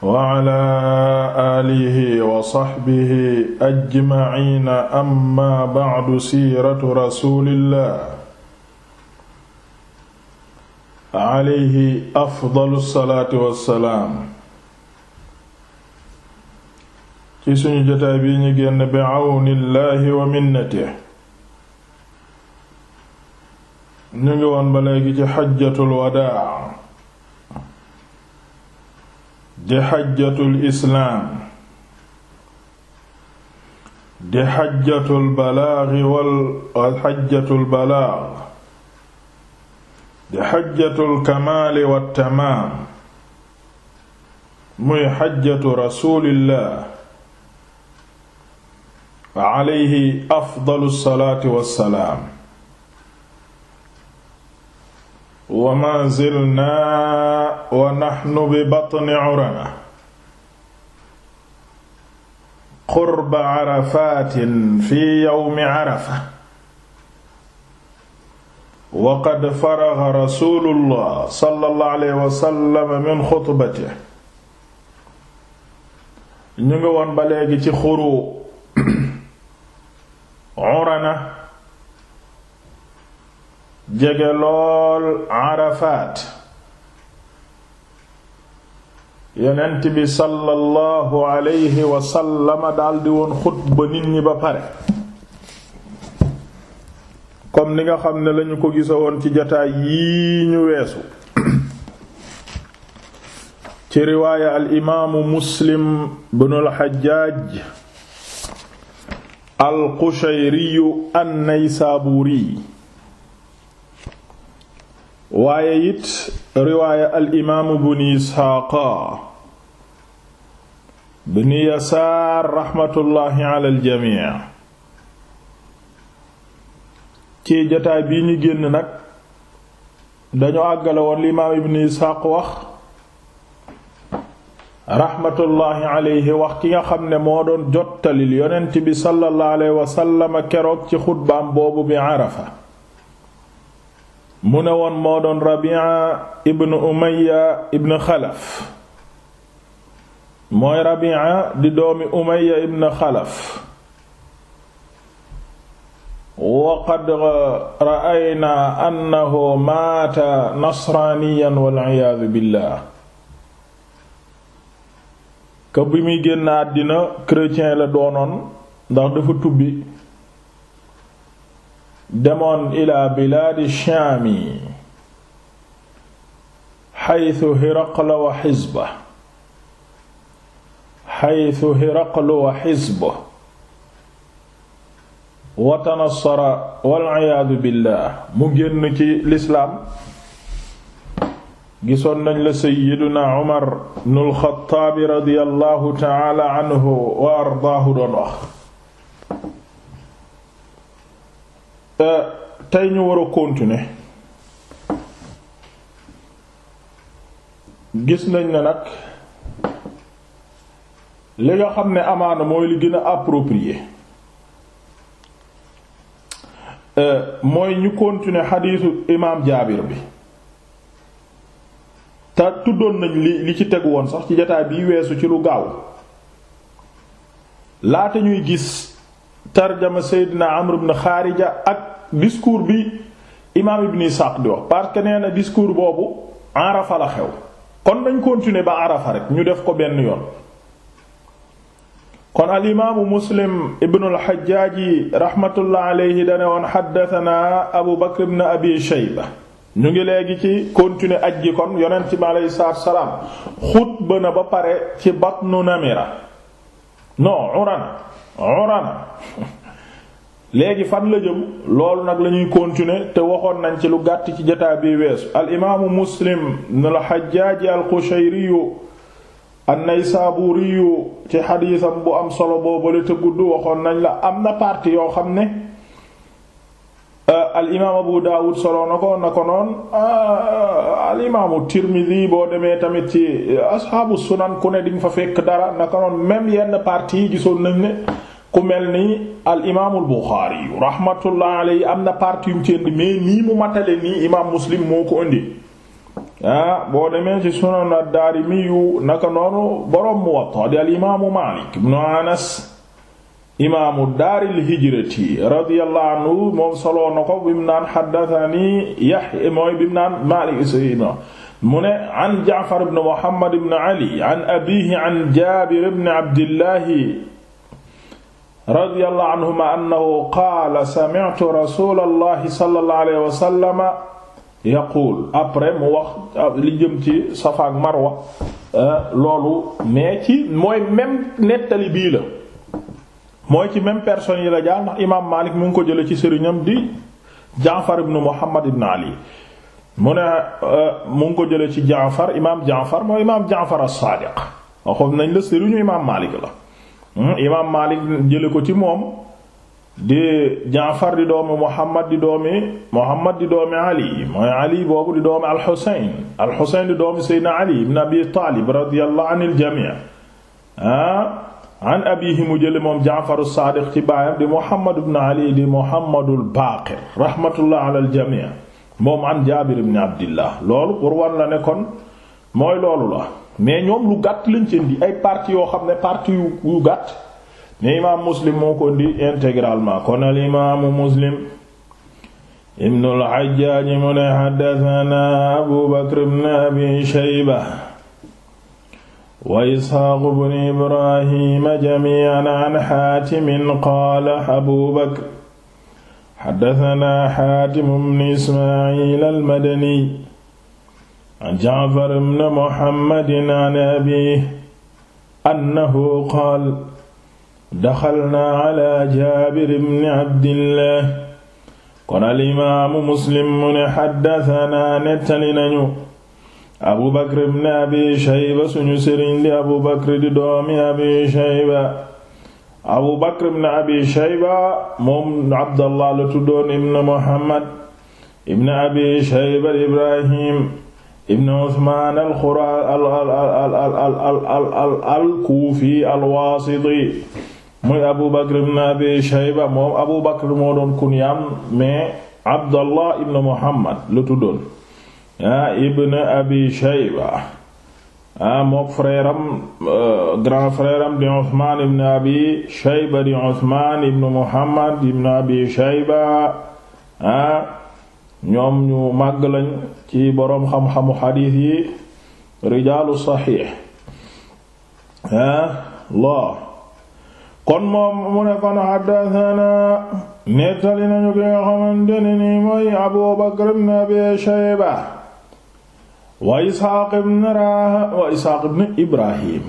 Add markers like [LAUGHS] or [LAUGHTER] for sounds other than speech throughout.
wala alihi wa saxbihi ajmaciina amma bacdu siiratu rasulillah alayhi afdalu salaatu wassalaam ci suñu jotaay bi ñu génn bi awnillahi wa minnatihi ñu ngi woon ba léegi ci wadaa di xajjatul islaam di xajjatul balaagi wal xajjatul balaag di xajjatul kamaali wattamaam muy xajjatu rasuulillah alayhi afdalu salaatu wassalaam wa ma zilnaa wa naxnu bi batni urana qurba arafatin fi yawmi arafa wa qad faraga rasulullah sallallahu alayhi wa sallam min xutbatihi ñu ngi woon ba léegi ci xuru [COUGHS] urana jege lool Arafat yonent bi sallallahu alayhi wa sallama daldi woon xutba nit ñi ba pare comme ni nga xam ne lañu ko gisa woon ci jataay yii ñu weesu ci riwaaya al imaamu muslim bnul xajjaaj al qushayriyu an naysaburi waaye it riwaaya al imaamu bnu isxaaqa bni yasaar raxmatullaahi alal jamii ci jataay bii ñu génn nag dañu àggale woon li imaam ibnu isxaaq wax raxmatullaahi aleyhi wax ki nga xam ne moo doon jottalil yonent bi sallallahu alayhi wa sallam keroog ci xutbaam boobu bi arafa mu ne woon moo doon Rabi'a ibn Umayya ibn Xalaf mooy Rabi'a di doomi Umayya ibn Xalaf wa qad ra'aynaa annahu maata nasraaniyan wal iyaadu billaah ka bi muy génn àddina chrétien la doonoon ndax dafa tubbi demoon ila bilaadi shaami xaytu hiraqla wa xisba xaytu hiraqlu wa xisba wa tanassara waliyaadu billah mu génn ci lislaam gisoon nañ la sayyiduna Umar ibn al-Khattab radiyallahu ta'ala anhu wa ardaahu doon wax tey ñu war a continuer gis nañ ne nag li nga xam ne amaana mooy li gën a approprié euh, mooy ñu continuer xadiisu imaam jaabir bi te tuddoon nañ li li ci tegu woon sax ci jataay bi weesu ci lu gaaw laata ñuy gis tarjama Seydina Amr ibn Xaarija ak discours bi imaam Ibn Isaaq di wax parce nee na discours boobu Arafa la xew kon dañ continuer ba Arafa rek ñu def ko benn yoon kon al imaamu Muslim ibn al-Hajjaaji rahmatullah alayhi dane woon xaddatanaa Abu Bakr ibn Abi Shayba ñu ngi léegi ci continuer aj gi kon yonent bi aleyhi salaatu salaam xutba na ba pare ci batnu Namira non Urana urana [LAUGHS] léegi fan la jëm loolu nag lañuy ñuy continuer te waxoon nañ ci lu gàtt ci jataa bi weesu al imaamu muslim ibn al hajjaaj al qushayri an saaburiyu ci xadiisam bu am solo boobale te gudd waxoon nañ la am na partie yoo xam ne al imaam abu daawud solo na ko na ko noon al imaamu tirmidi boo demee tamit ci eh, ashaabu sunan ku ne dinga fa fekk dara na noon même yenn parti yi gisoon nañ ne ku mel ni al imaamul Buxaari yu rahmatullah alayhi am na partie yu ci indi mais nii mu matale nii imaam Muslim moo ko indi ah boo demee ci sunan ad-Daarimi yu naka noonu boroom Muwatta di al imaamu Maalik ibnu Anas imaamu daaril hijrati radiyallahu anhu moom soloo na ko bim naan haddathani Yahya mooy bim naan Maalik sayyidina mu ne an Ja'far ibn Muhammad ibn Ali an abiihi an Jaabir ibn Abdillahi radiyallahu anhuma annahu qaala sami'tu rasulallahi sallallahu alayhi wa sallam yaquul après mu wax li jëm ci Safa ak Marwa eh, loolu mais ci mooy même nettali bii la mooy ci même personne yi la jaar ndax imaam Maalik mu ngi ko jële ci sëriñam di Jaafar ibn Muhammad ibn Ali mu ne eh, mu ngi ko jële ci Jaafar imaam Jaafar mooy imaam Jaafar as-Saadiq waxoon nañ la sëriñu imaam Maalik la Hmm? imaam Maalik jële ko ci moom di Jaafar di doomi Muhammad di doomi Muhammad di doomi Ali mooy Ali boobu di doomi al-Husayn di doomi Seydina Ali ibn Abi Taalib radiyallahu ah? an abiihi mu jële moom Jaafar as ci baayam di Muhammad ibn Ali di Muhammadul Baaqir rahmatullah alal jamii moom an Jaabir ibn Abdillah loolu pour la ne kon mooy loolu la mais ñoom lu gàtt lañ ci indi ay yoo xam ne parties yu yu gàtt ne imaam muslim moo ko indi intégralement kon al imaamu muslim ibnu al hajjaaj mu ne xaddatanaa abu bakr ibn abi shayba wa isxaaq ibn ibrahima jamii'an an xaatimin qaala abu bakr xaddatanaa xaatim ibn ismaa'iil al madani an Ja'far ibn Muhammad an abiihi annahu qaala daxalnaa alaa Jaabir ibn Abdillah kon al imaamu Muslim mu ne xaddasanaa nettali nañu Abu Bakr ibn Abi Shayba suñu sëriñ di Abu Bakr di doomi Abi Shayba Abu Bakr ibn Abi Shayba moom Abdallah la tuddoon ibn Muhammad ibn Abi Shayba Ibrahim ibn Usmaan al-Xura al-Kuufi al-Waasiti muy Abu Bakr ibn Abi Shayba moom Abu Bakr moo doon kunyaam mais Abdallah ibn Muhammad la tuddoon ah ibn Abi Shayba ah mook frère am euh, grand frère am di Usmaan ibn Abi Shayba di Usmaan ibn Muhammad ibn Abi Shayba ah ñoom ñu màgg lañ ci boroom xam-xamu xadiis yi rijaalu saxiix laa kon moom mu ne kon xaddasanaa nettali nañu ki nga xamante ne ni mooy abu bakr ibn abi shayba wa isxaaq ibn raha wa isxaaq ibn ibrahim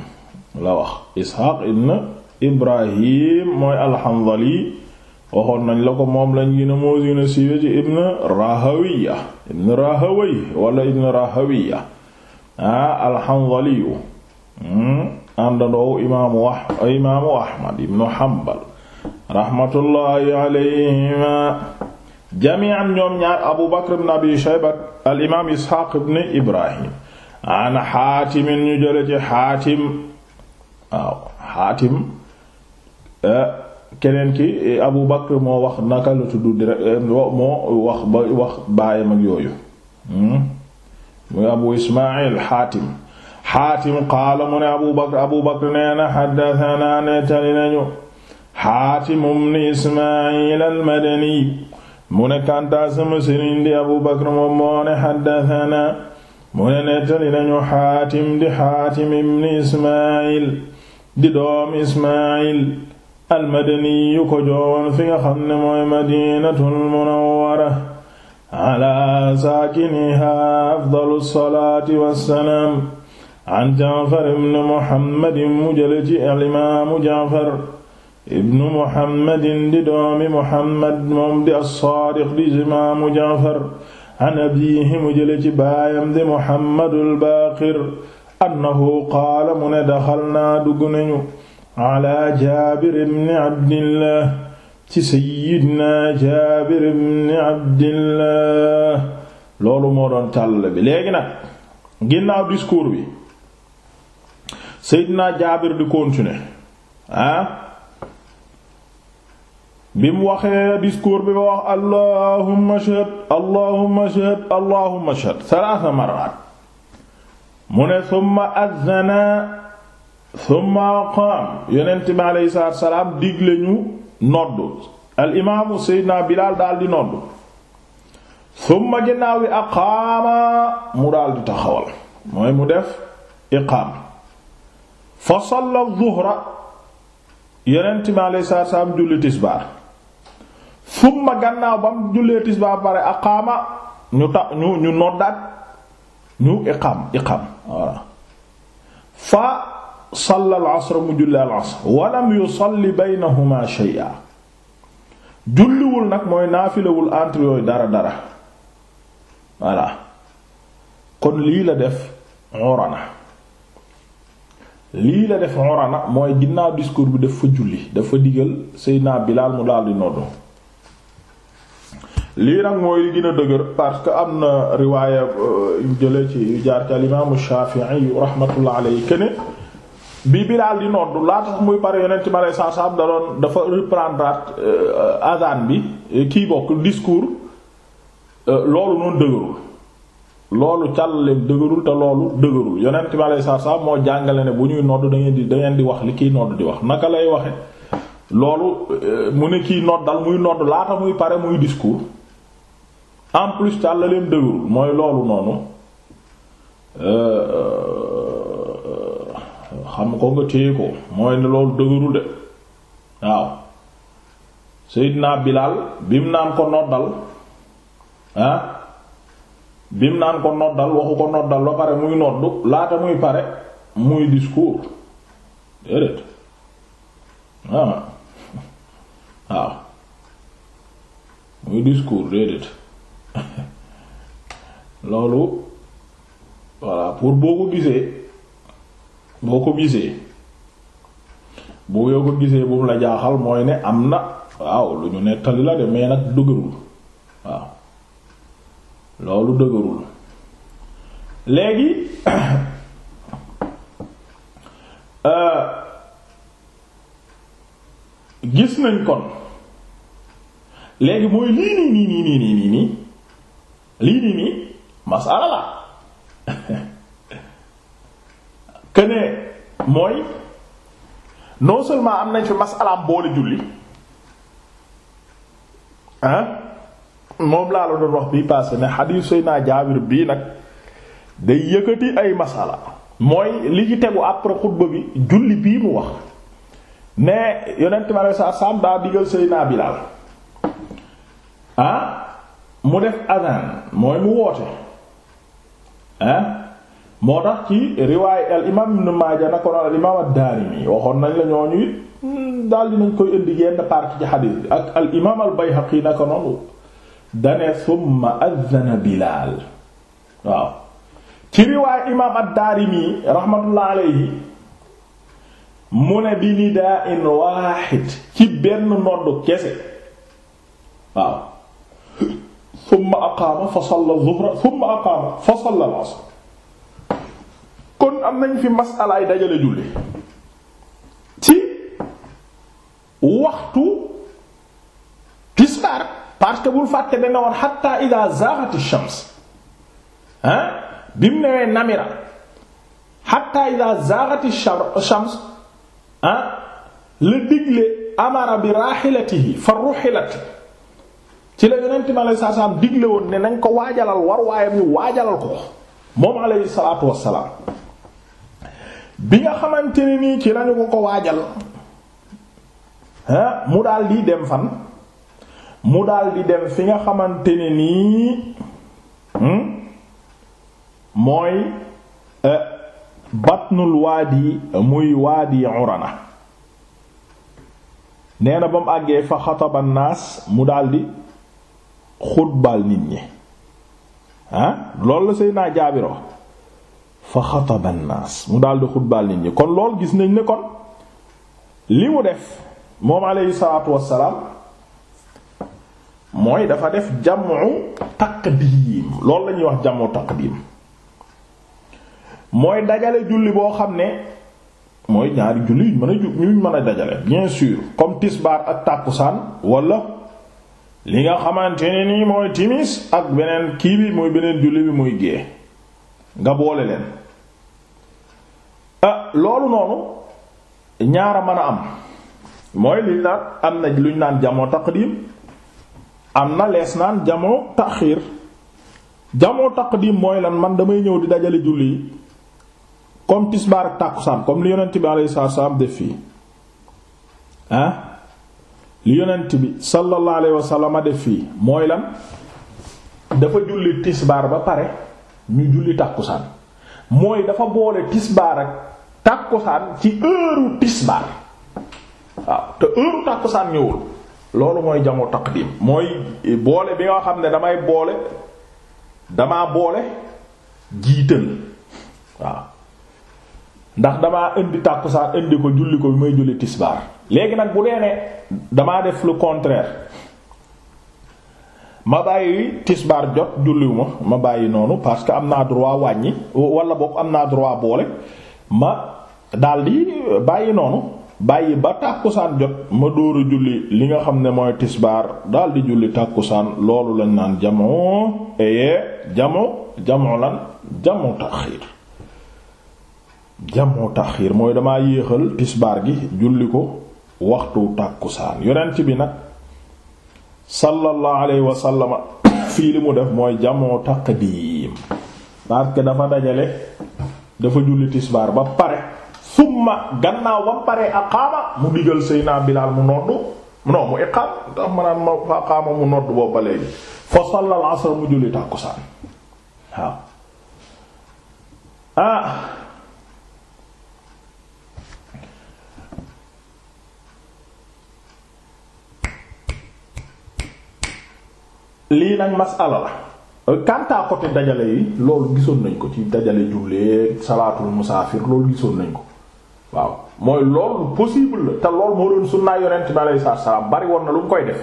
la wax isxaaq ibn ibrahim mooy alxandali waxoon nañ la ko moom lañ gën a moo gën a siiwe ci ibn rahawiya ibn rahaway wala ibn rahawiya ah alxanzaliyu hmm, àndandoowu imaamu ah imaamu ahmad ibnu hambal rahmatullahi alayhima jamian ñoom ñaar abu bakr ibn abi shayba al imaam isxaaq ibn ibrahim an xaatimin ñu jële ci xaatim waaw xaatim eh, keneen ki eh, Abu Bakr moo wax naka la tudd direct eh, moo wax ba wax yooyu hmm? muy Abu Ismaayil Xaatim Xaatim qaala mu ne Abu Bakr Abu Bakr nee na xaddasanaa nettali nañu Xaatim ibn Ismaayil al mu ne kantaa sama sëriñ di Abu Bakr moom moo ne xaddasanaa mu ne nettali nañu Xaatim di Xaatim ibn Ismaayil di doom Ismaayil almadani yu ko joowoon fi nga xam ne mooy madinatul munawwara ala saakiniha afdalu salaati wassalaam an jaafar ibn muhammadin mu jële ci alimaamu jaafar ibnu muhammadin di doomi muhammad moom di assaadiq di imaamu jaafar an abiihi mu jële ci baayam di muhammadul baaqir annahu qaala mu ne daxal naa dugg nañu ala jaabir ibn abdillah ci sayyidina jaabir ibn abdillah loolu moo doon tàll bi léegi nag ginnaaw discours bi sayyidina jaabir di continuer ah bi mu waxee discours bi ba wax allahumma shahad allahumma shahad allahumma shahad salaasa marrat mu ne summa azana thumma aqaam yonent bi aleyhi salaam digle ñu noddu al imaamu seydina bilaal daal di noddu thumma ginnaaw wi aqaama mu daal di taxawal mooy mu def iqaam fa salla zuhra yonent bi aleyhi salaatu salaam julli tisbaar thumma gannaaw ba mu jullee tisbaar ak aqaama ñu ta ñu ñu noddaat ñu iqaam iqaam voilà salla al asr mu julli al asr walam yusalli baynahuma shay'a julliwul nag mooy naafilawul entre yooyu dara dara voilà kon lii la def urana lii la def urana mooy ginnaaw discours bi dafa julli dafa digal Seydina Bilaal mu daldi noddu lii nag mooy li dëgër parce que am na riwaaya euh, jële ci jaar ci al imaamu Shaafi'i rahmatullah alayhi bi Bilaal di noddu laa muy pare yonent bi aleyhi salaatu salaam da doon dafa reprendre euh, azan bi kii bokk discours euh, loolu noonu dëgërul loolu càllale dëgërul te loolu dëgërul yonent bi aleyhi salaatu moo jàngale ne bu ñuy noddu da ngeen di da di wax li kiy noddu di wax naka lay waxe loolu euh, mu ne kiy noddal muy nodd laata muy pare muy discours en plus càllaleem dëgërul mooy loolu noonu xam ko nga téye ko mooy loolu dëgërul de waaw Seydina Bilaal bim naan ko noddal ah bim naan ko noddal waxu ko noddal ba pare muy noddu laata muy pare muy discours déedéet ah. [LAUGHS] waaw muy discours déedéet [LAUGHS] loolu voilà pour boo ko gisee. boo ko gisee boo yoo ko gisee bu mu la jaaxal mooy ne am na waaw lu ñu nettali la de mais nag dëgërul waaw loolu dëgërul léegi [COUGHS] euh, gis nañ kon léegi mooy lii nii nii nii nii nii nii lii nii nii masala la que ne mooy non seulement am nañ fi masalaam boole julli ah moom laa la doon wax bii passé ne xadiis Seydina Jaabir bii nag day yëkkati ay masala mooy li ci tegu après xutba bi julli bii mu wax ne yonent mi aleyhi salaatu salaam daa digal Seydina Bilaal ah mu def azan mooy mu woote ah moo tax ci riwaay al imaam ibn Maaja na ko al imaam ad-Daarimi waxoon nañ la ñooñu it koy indi yenn partie ci xadiis bi ak al imaam na ko dane summa adhana Bilaal waaw ci riwaay imaam rahmatullah alayhi mu bi nidaa'in waahid ci benn nodd kese waaw summa aqaama fa salla dhuhra kon am nañ fi masalaay dajale julli ci waxtu tisbaar parce que bul fàtte ne woon hatta ida zaghati shams ah bi mu newee namira hatta ida zaghati shams ah la digle amara bi rahilatihi fa ruhilat ci la yonent mi alayhi salaatu salaam digle woon ne nañ ko waajalal war waayam ñu waajalal ko moom alayhi salaatu wassalaam bi nga xamante ne nii ci lañu ko ko waajal mu daldi di dem fan mu daldi di dem fi nga xamante ne nii hmm? mooy eh, batnul waadi muy waadi urana nee na ba mu àggee fa xataba mu daldi xutbal nit ñi ah loolu la Seydina fa xataba nnaas mu daal xutbaal nit ñi kon lool gis nañ ne kon li mu def moom aleyhi salaatu wassalaam mooy dafa def jamu taqdiim loolu la ñuy wax jamu taqdiim mooy dajale julli boo xam ne mooy ñaari julli yuñ mën a yuñ mën a dajale bien sûr comme tisbaar ak tàkkusaan wala li nga xamante ne nii mooy timis ak beneen kii bi mooy beneen julli bi muy gée nga boole leen ah loolu noonu ñaara mën a am mooy liñ naan am na luñ naan jamoo taqdim am na lees naan jamoo taxiir jamoo taqdim mooy lan man damay ñëw di dajale julli yi comme tisbaar ak tàkkusaan comme li yonent bi alayhi salaatu salaam def fii ah li bi sallallahu alayhi wa sallam fii mooy lan dafa julli tisbaar ba pare ñu julli tàkkusaan mooy dafa boole tisbaar ak tàkkusaan ci heure tisbaar waaw te heure tàkkusaan ñëwul loolu mooy jamu taqdim mooy boole bi nga xam ne damay boole damaa boole jiital waaw ndax damaa indi tàkkusaan indi ko julli ko bi may julli tisbaar léegi nag bu dee ne damaa def lu contraire ma bàyyi tisbaar jot julliwuma ma bàyyi noonu parce que am naa droit wàññi wala boog am naa droit boole ma daldi bàyyi noonu bàyyi ba tàkkusaan jot ma dóor a julli li nga xam ne mooy tisbaar daldi julli tàkkusaan loolu lañ naan jamoo eyee jamoo jamoo lan jamoo taxiir jamoo taxiir mooy damaa yéexal tisbaar gi julli ko waxtu tàkkusaan yonent bi nag sallallahu alayhi wa fii li mu def mooy jamoo taq parce que dafa dajale dafa julli tisbaar ba pare summa gannaaw ba pare aqaama mu digal Seydina Bilaal mu noddu non mu iqaam ndax ma naan ma fa aqaama mu noddu boobu léegi fa salla al mu julli tàkkusaan ah. lii nag masala la kanta euh, côté dajale yi loolu gisoon nañ ko ci dajale julleeg salaatul musaafir loolu gisoon nañ ko waaw mooy loolu possible la te loolu moo doon sunnaa yonent bi alayhi salaam bari woon na lu mu koy def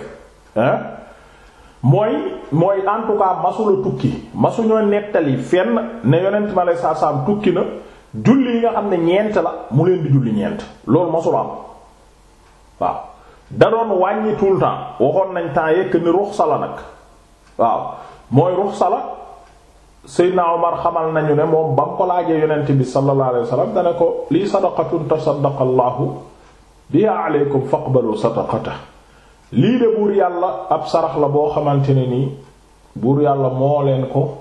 mooy mooy en tout cas masula tukki masuñoo nettali fenn ne yonent bi alayhi salaam tukki na julli yi nga xam ne ñeent la mu leen di julli ñeent loolu masula am waaw da doon le temps waxoon nañ temps yekk ni ruxsa la nag waaw mooy ruxsa la Seydina Omar xamal nañu ne moom ba mu ko laajee yonent bi sallallahu alayhi wa sallam dana ko lii sadaqatun tasaddaqa Allahu biha lii de buur yàlla ab sarax la boo xamante ne nii buur yàlla moo leen ko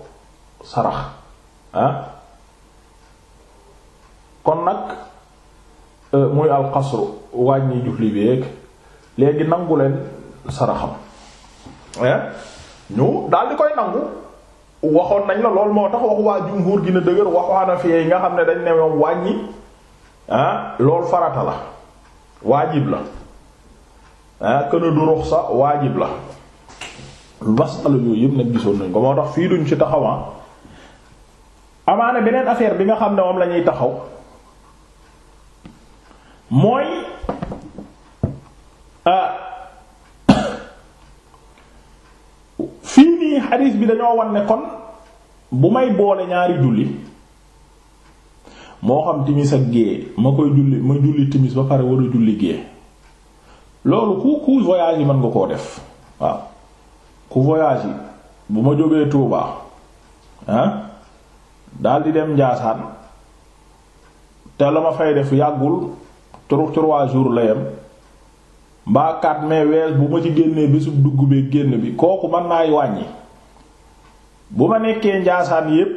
sarax ah. kon nag euh, muy alxasru wàññi julli bi léegi nangu leen saraxam eh? ñu daal di koy nangu waxoon nañ la lool moo tax waxu waa jumhur gi na dëgër waxu yi nga xam ne dañ ne moom wàññi ah loolu farata la waajib la ah këna du ruxsa waajib la masala yooyu yëpp nag gisoon nañ ko moo tax fii duñ ci taxawaan ah. amaana beneen affaire bi nga xam ne moom lañuy taxaw mooy ah, fii nii xadiis bi dañoo wan nekkoon bu may boole ñaari julli moo xam timis ak gée ma koy julli ma julli timis ba pare war a julli gée loolu ku ku voyage yi mën nga koo def waaw ku voyage yi bu ma jógee Touba ah dal dem Njaasaan te la ma fay def yàggul trois trois jours la yem mbaa 4 wees bu ma ci génnee bésub dugg bee génn bi kooku mën naay wàññi bu ma nekkee njaasaan yépp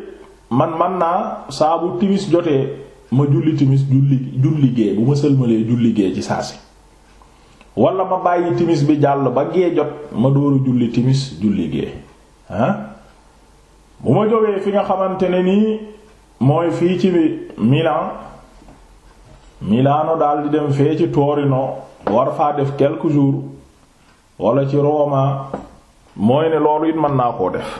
man man naa saa bu timis jotee ma julli timis julli julli julli gee ci saa si wala bàyyi timis bi jàll ba jot ma dóoru julli timis julli gee ah? bu ma jógee fi nga xamante ne nii mooy fii ci Milan Milano daal di dem fee ci Torino war faa def quelques jours wala ci roman mooy ne loolu it mën naa koo def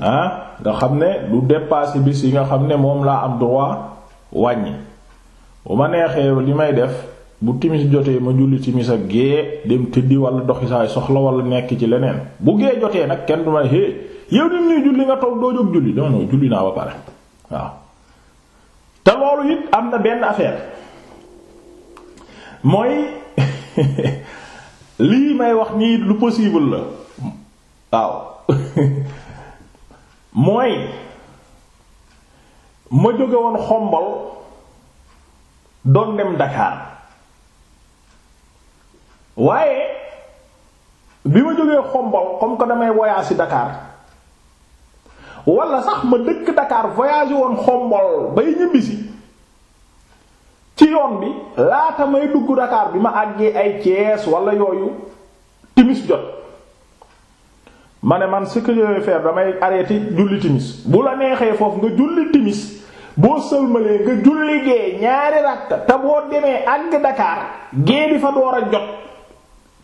ah nga xam ne du dépasser bis yi nga xam ne moom laa am droit wàññi bu ma neexee li may def bu timis jotee ma julli timis ak gée dem tëddi wala doxi saay soxla wala nekk ci leneen bu gée jotee nag kenn du may hé yow nit ñuy julli nga toog doo jóg julli non julli naa ba pare waaw te loolu it am na benn affaire. mooy [LAUGHS] lii may wax nii lu possible la waaw [LAUGHS] mooy ma jóge woon xombal doon dem Dakar waaye bi ma jógee xombal comme que damay voyage ci Dakar wala sax ma dëkk dakaar voyage woon xombal bay ñibbisi ci yoon bi laata may dugg Dakar bi ma àggee ay Thiès walla yooyu timis jot ma ne man ce que je vais damay arrêté julli timis bu la neexee foofu nga julli timis boo sëlmalee nga julli gee ñaari rakka te boo demee àgg Dakar gee di fa door a jot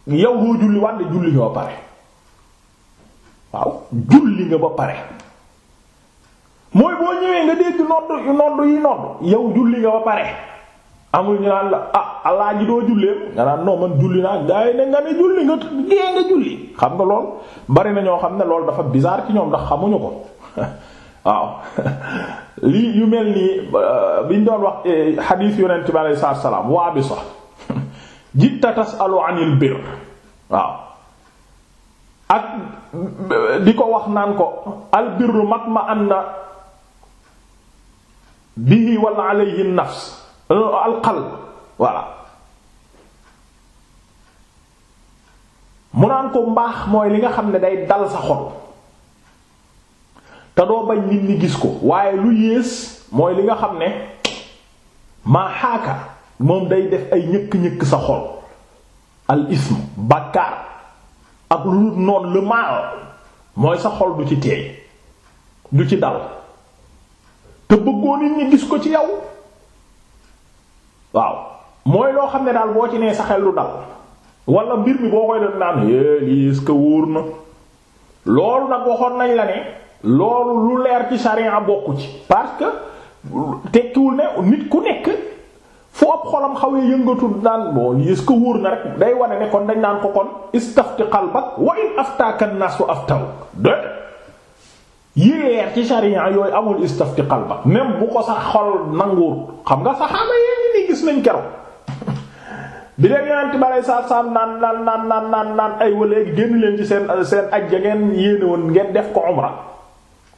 yow boo julli wàll pare waaw julli nga ba pare mooy boo ñëwee nga dégg nodd nodd yi nodd yow julli nga ba pare amul ñu naan la ah alaaji doo jullee nga naan non man julli naa nga ne julli nga gée nga julli xam nga lool bari na ñoo xam ne loolu dafa bizarre ci ñoom ndax xamuñu ko [LAUGHS] waaw [LAUGHS] lii yu mel nii euh, biñ doon wax eh, xadiis yonent bi aleyhi salaam waa bi sax [LAUGHS] jitta tasalu anil bir waaw ak di ko wax naan ko albirru matma anna bihi wala alayhi nafs Euh, alqalb voilà mu naan ko mbaax mooy li nga xam ne day dal sa xol te doo bañ nit ñi gis ko waaye lu yées mooy li nga xam ne maa moom day def ay ñëkk-ñëkk sa xol al ism bàkkaar ak lu dul noon lu maal mooy sa xol du ci teey du ci dal te bëggoo nit ñi gis ko ci yow waaw mooy loo xam ne daal boo ci nee sa xel lu dal wala mbir mi boo koy def naan lii est-ce que na loolu nag waxoon nañ la ne loolu lu leer ci sharia bokku ci parce que tekkiwul ne nit ku nekk fu ab xolam xawee yëngatul naan bon lii est-ce que na rek day wane ne kon dañ naan ko kon istafti qalbak wa in aftaka an-nas aftaw de yi leer ci sharia yooyu amul istafti qalba même bu ko sax xol nanguur xam nga saxaaba yee ni gis nañ keroog bi leen yonent balay saa saa naan naan naan naan naan naan ay wa léegi génn leen ci seen seen aj ja ngeen yéene ngeen def ko umra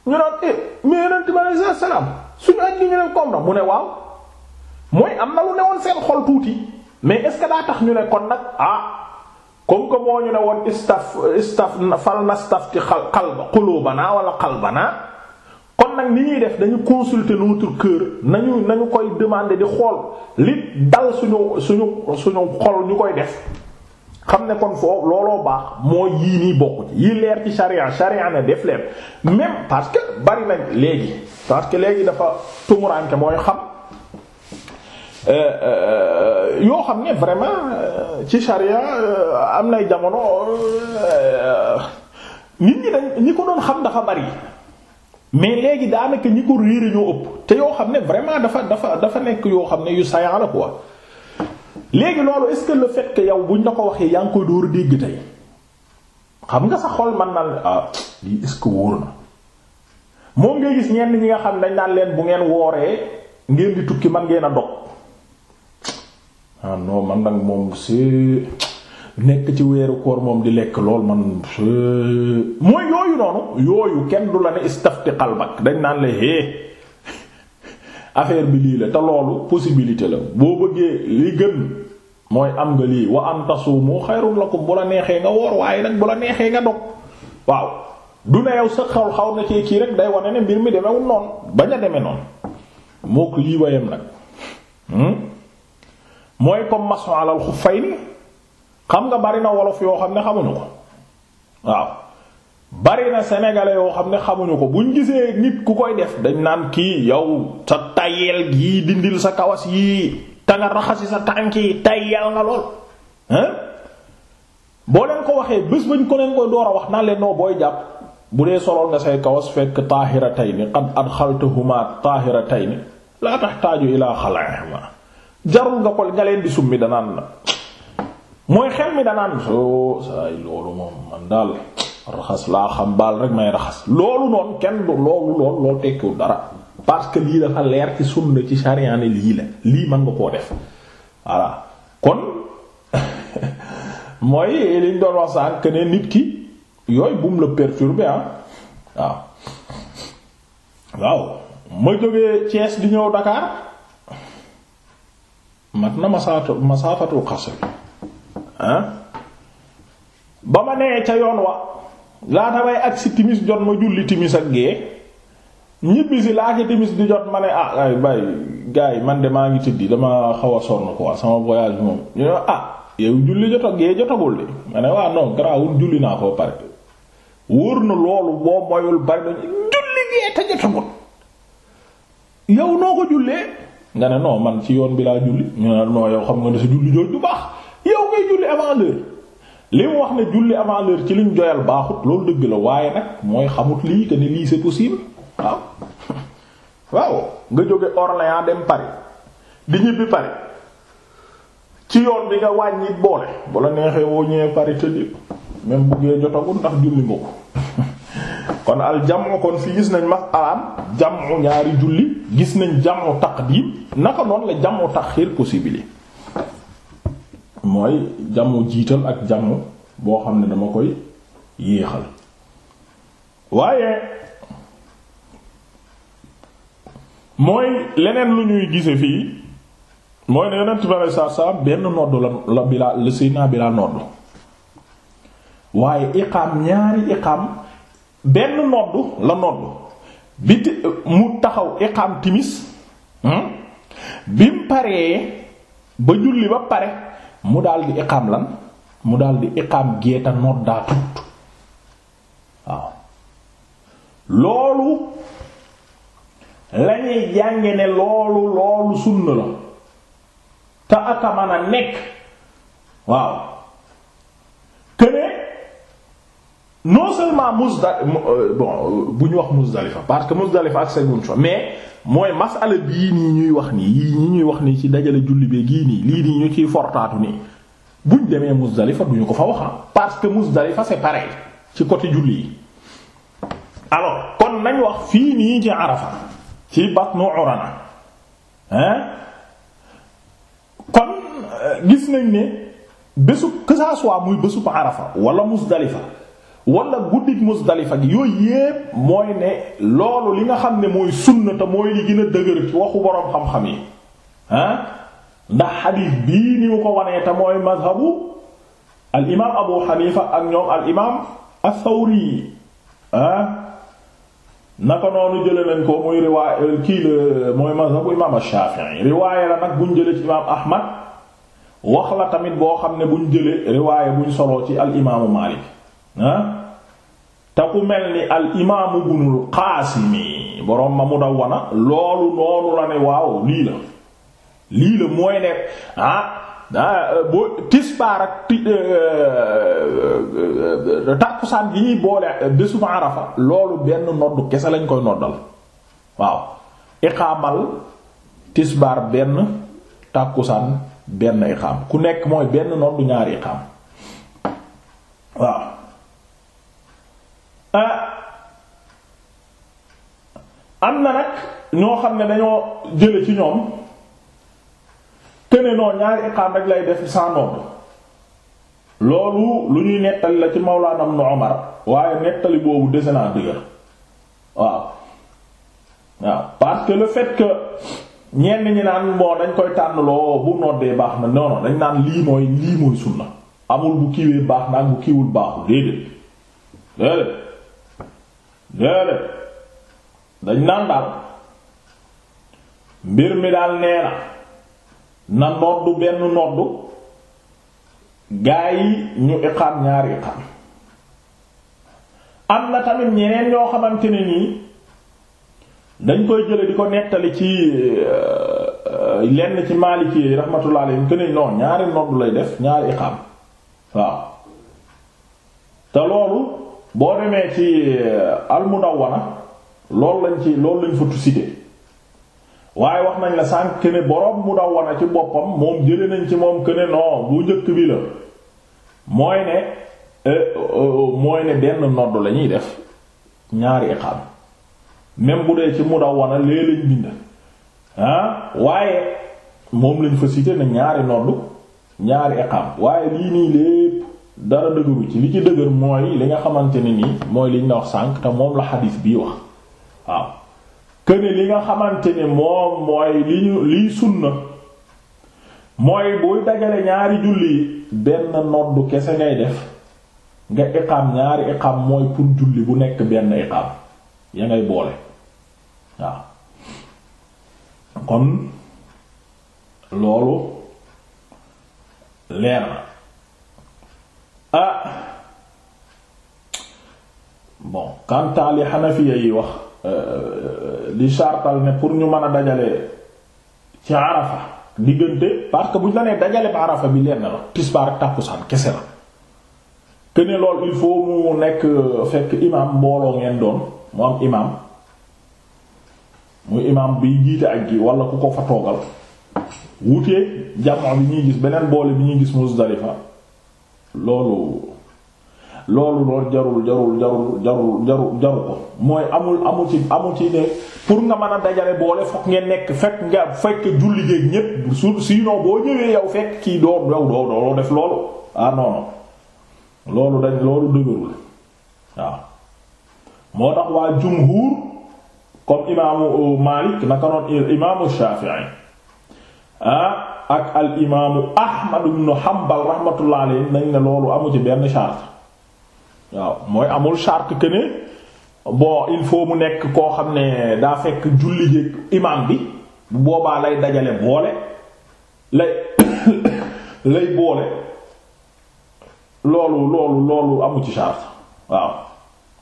ñu naan eh mais yonent balay saa salaam mu ne waaw mooy am na lu ne woon seen xol tuuti mais est ce daa tax ñu ne kon nag ah. comme que moo ñu ne woon istaf istaf fal nastafti qalba qulubana wala qalbana kon nag ni ñuy def dañu consulter notre cœur nañu nañu koy demander di xool li dal suñu suñu suñu xol ñu koy def xam ne kon foofu looloo baax moo yii nii bokk ci yi leer ci sharia sharia na def leer même parce que bari nañ léegi parce que léegi dafa tumuranke mooy xam Euh, euh, yoo xam ne vraiment euh, ci charia am nay jamono nit ñi dañ ñi ko doon xam dafa bari mais léegi daanaka ñi ko réere ñoo ëpp te yoo xam ne vraiment dafa dafa dafa nekk yoo xam ne yu sayan la quoi léegi loolu est-ce que le fait que yow buñ la ko waxee yaa ngi koy dóor dégg tey xam nga sa xol man na ah moom ngay gis ñenn nga xam dañ naan leen bu ngeen wooree ngeen di tukki man ngeen a dog ah non man nag moom si nekk ci weeru koor moom di lekk lool man mooy yooyu noonu yooyu kenn du la ne istafti qalbak dañ naan la hé affaire bi lii la te loolu possibilité la boo bëggee li gën mooy am nga lii wa an tasuumu xayrun lakum bu la neexee nga woor waaye nag bu la neexee nga dog waaw du ne yow sa xaw xaw na cee kii rek day wane ne mbir mi demewul noonu bañ a demee noonu moo ko lii wayam nag hmm? mooy comme mason alal xuffayni xam nga bari na wolof yoo xam ne xamuñu ko waaw bari na sénégalais yoo xam ne xamuñu ko buñ gisee nit ku koy def dañ naan kii yow sa tayel yii dindil sa kawas yii te nga raxasi sa tànk yi tayel nga lool hein boo leen ko waxee bés bañ ko leen koy door a wax naa leen booy jàpp bu dee soloon nga say kawas fekk taahiratayni qad adxaltahuma taahiratayni laa taxtaaju ilaa xal'ihima jarul nga ko nga leen di summi danaan la mooy xel mi danaan soo saay loolu moom man daal raxas laa xam baal rek may raxas loolu noonu kenn du loolu lool loolu tekkiwul dara parce que lii dafa leer ci sunna ci sharia ne lii la lii man nga koo def voilà kon [LAUGHS] mooy liñ doon wax sànq ne nit ki yooyu bu la perturber ah waaw waaw ma jógee Thiès di ñëw Dakar mat na masaatu masaafatul xasr ah ba ma nee ca yoon wa laata may agsi timis jot ma julli timis ak gee ñibbi si laata di jot ma ne ah ay bay gars man de maa ngi tëddi dama xaw a sonn quoi sama voyage moom ñu ne ah, waa non garaawul julli naa ko pare wóor na loolu boo moyul bari nañu julli gee te jotagul yow noo ko jullee. nga ne noo man ci yoon bi laa julli ñu ne non yow xam nga ne sa julli jooj du baax yow ngay julli avant l'heure li mu wax ne julli avant l'heure ci liñ joyal baaxut loolu dëgg la waaye nag mooy xamut lii que ni lii c'est possible waaw [LAUGHS] waaw nga jóge Orléans dem Paris di ñibbi Paris ci yoon bi nga wàññi boole bu la neexee woo ñëwee Paris te même buggee jotagul ndax julli nga ko kon al jamu kon fi gis nañ masalaam jamu ñaari julli gis nañ jamu taqdim naka noonu la jamu taxir possible mooy jamu jiital ak jamu boo xam ne dama koy yéexal waaye mooy leneen lu ñuy gise fii mooy ne yonent bi alei benn nodd la la bilaa la sëy naa bilaa nodd waaye iqaam ñaari iqaam benn noddu la noddu bi mu taxaw iqaam timis hmm? bi paree ba julli ba pare mu daldi iqaam lan mu daldi iqaam geeta noddaa tut waaw loolu lañuy jànge ne loolu loolu sunna la te aka mën nekk waaw non seulement Muzdalifa euh, bon euh, bu ñu wax Muzdalifa parce que Muzdalifa ak segun fa mais mooy masala bii nii ñuy wax nii yii ñi ñuy wax nii ci dajale julli bi gii nii lii nii ñu ciy fortaatu nii buñ demee Muzdalifa duñu ko fa wax ah. parce que Muzdalifa c'est pareil ci côté julli yi alors kon nañ wax fii nii ci Arafa ci Batnu Urana hein kon euh, gis nañ ni bésu que ça soit muy bésub Arafa wala Muzdalifa wala guddik Muzdalifa gi yooyu yépp mooy ne loolu li nga xam ne mooy sunna mooy li gën a dëgër ci waxu boroom xam-xam yi ndax xadiis bii ni mu ko wanee te mooy mazhabu al imaam Abu Xanifa ak ñoom al imaam as-Sawri ah naka noonu jële nañ ko muy riwaay euh, kii la mooy mazhabu imaam as-Shafi'i riwaay la nag buñ jële ci imaam Ahmad wax la tamit boo xam ne buñ jële riwaay buñ solo ci al Maalik te ku mel ni al imaamu ibnul qaasimi boroom ma mudawwana loolu noonu la ne waaw lii la lii la mooy ne ah, ah boo tisbaar ak euh, euh, euh, tàkkusaan gi ñuy boole bésu arafa loolu benn nodd kese lañ koy noddal waaw iqaamal tisbaar benn tàkkusaan benn iqaam ku nekk mooy benn nodd ñaari iqaam waaw Ah. am na nag ñoo xam ne dañoo jële ci ñoom këne noo ñaari iqaam rek lay def sans nombre loolu lu ñuy nettali la ci Mawlaana Ibn Umar waaye nettali boobu dese naa dëgër waaw waaw parce que le naan moo dañ koy tànnloo bu noddee baax na non non dañ naan lii mooy lii mooy sunna amul bu kiiwee baax na ak bu kiiwul baaxul déedéet déedéet déedéet dañ naan daal mbir mi daal nee na na noddu benn noddu gaa yi ñu iqaam ñaari iqaam am na tamit ñeneen ñoo xamante ne nii dañ koy jële di ko nettali ci euh, lenn ci Maliki rahmatullah alayhi que ne non ñaari noddu lay def ñaari iqaam waaw te loolu boo demee ci euh, almudawana loolu lañ ci loolu lañ fa cité waaye wax nañ la sànq ne boroom mudawana ci boppam moom jële nañ ci moom que ne non bu njëkk bi la mooy ne euh, euh, mooy ne benn nodd la ñuy def ñaari iqaam même bu dee ci mudawana lee lañ bind ah waaye moom lañ fa cité ne ñaari nodd ñaari iqaam waaye lii nii lépp dara dëgëru ci li ci dëgër mooy li nga xamante ni nii mooy liñ la wax sànq te moom la xadis bii wax waaw këne li nga xamante ne moom mooy li ñu liy sunna mooy buy dajale ñaari julli benn noddu kese ngay def nga iqaam ñaari iqaam mooy pour julli bu nekk benn iqaam ya ngay boole waaw kon loolu leer na Ah. bon kantaa li xanafiya yi wax li euh, chartal ne pour ñu mën a dajale ci arafa diggante parce que bu ñu la nee dajale ba arafa bi lenn la tisbaar ak tàkkusaan kese la que ne il faut mu nekk fekk imam mbooloo ngeen doon mu am imam muy imam biy jiite ak gi wala ku ko fa toogal wutee jamono bi ñuy gis beneen boole bi ñuy gis Muzdalifa loolu loolu loolu jarul jarul jarul jarul jarul jarul ko mooy amul amul ci amul ci ne pour nga mën a dajale boole fokk ngeen nekk fekk nga fekk julli géeg ñépp su sinon boo ñëwee yow fekk kii doo yow doo doo def loolu ah non loolu dañ loolu dëgërul waaw moo tax waa jumhur comme imaamu uh, Maalik naka noon imaamu Shaafi'i ah ak al imaamu Ahmad ibn Hanbal rahmatullah alayhi nañ ne loolu amu ci benn charte waaw mooy amul charte que ne il faut mu nekk koo xam ne daa fekk julli jéeg imaam bi boobaa lay dajale boole lay [COUGHS] lay boole loolu loolu loolu amu ci waaw.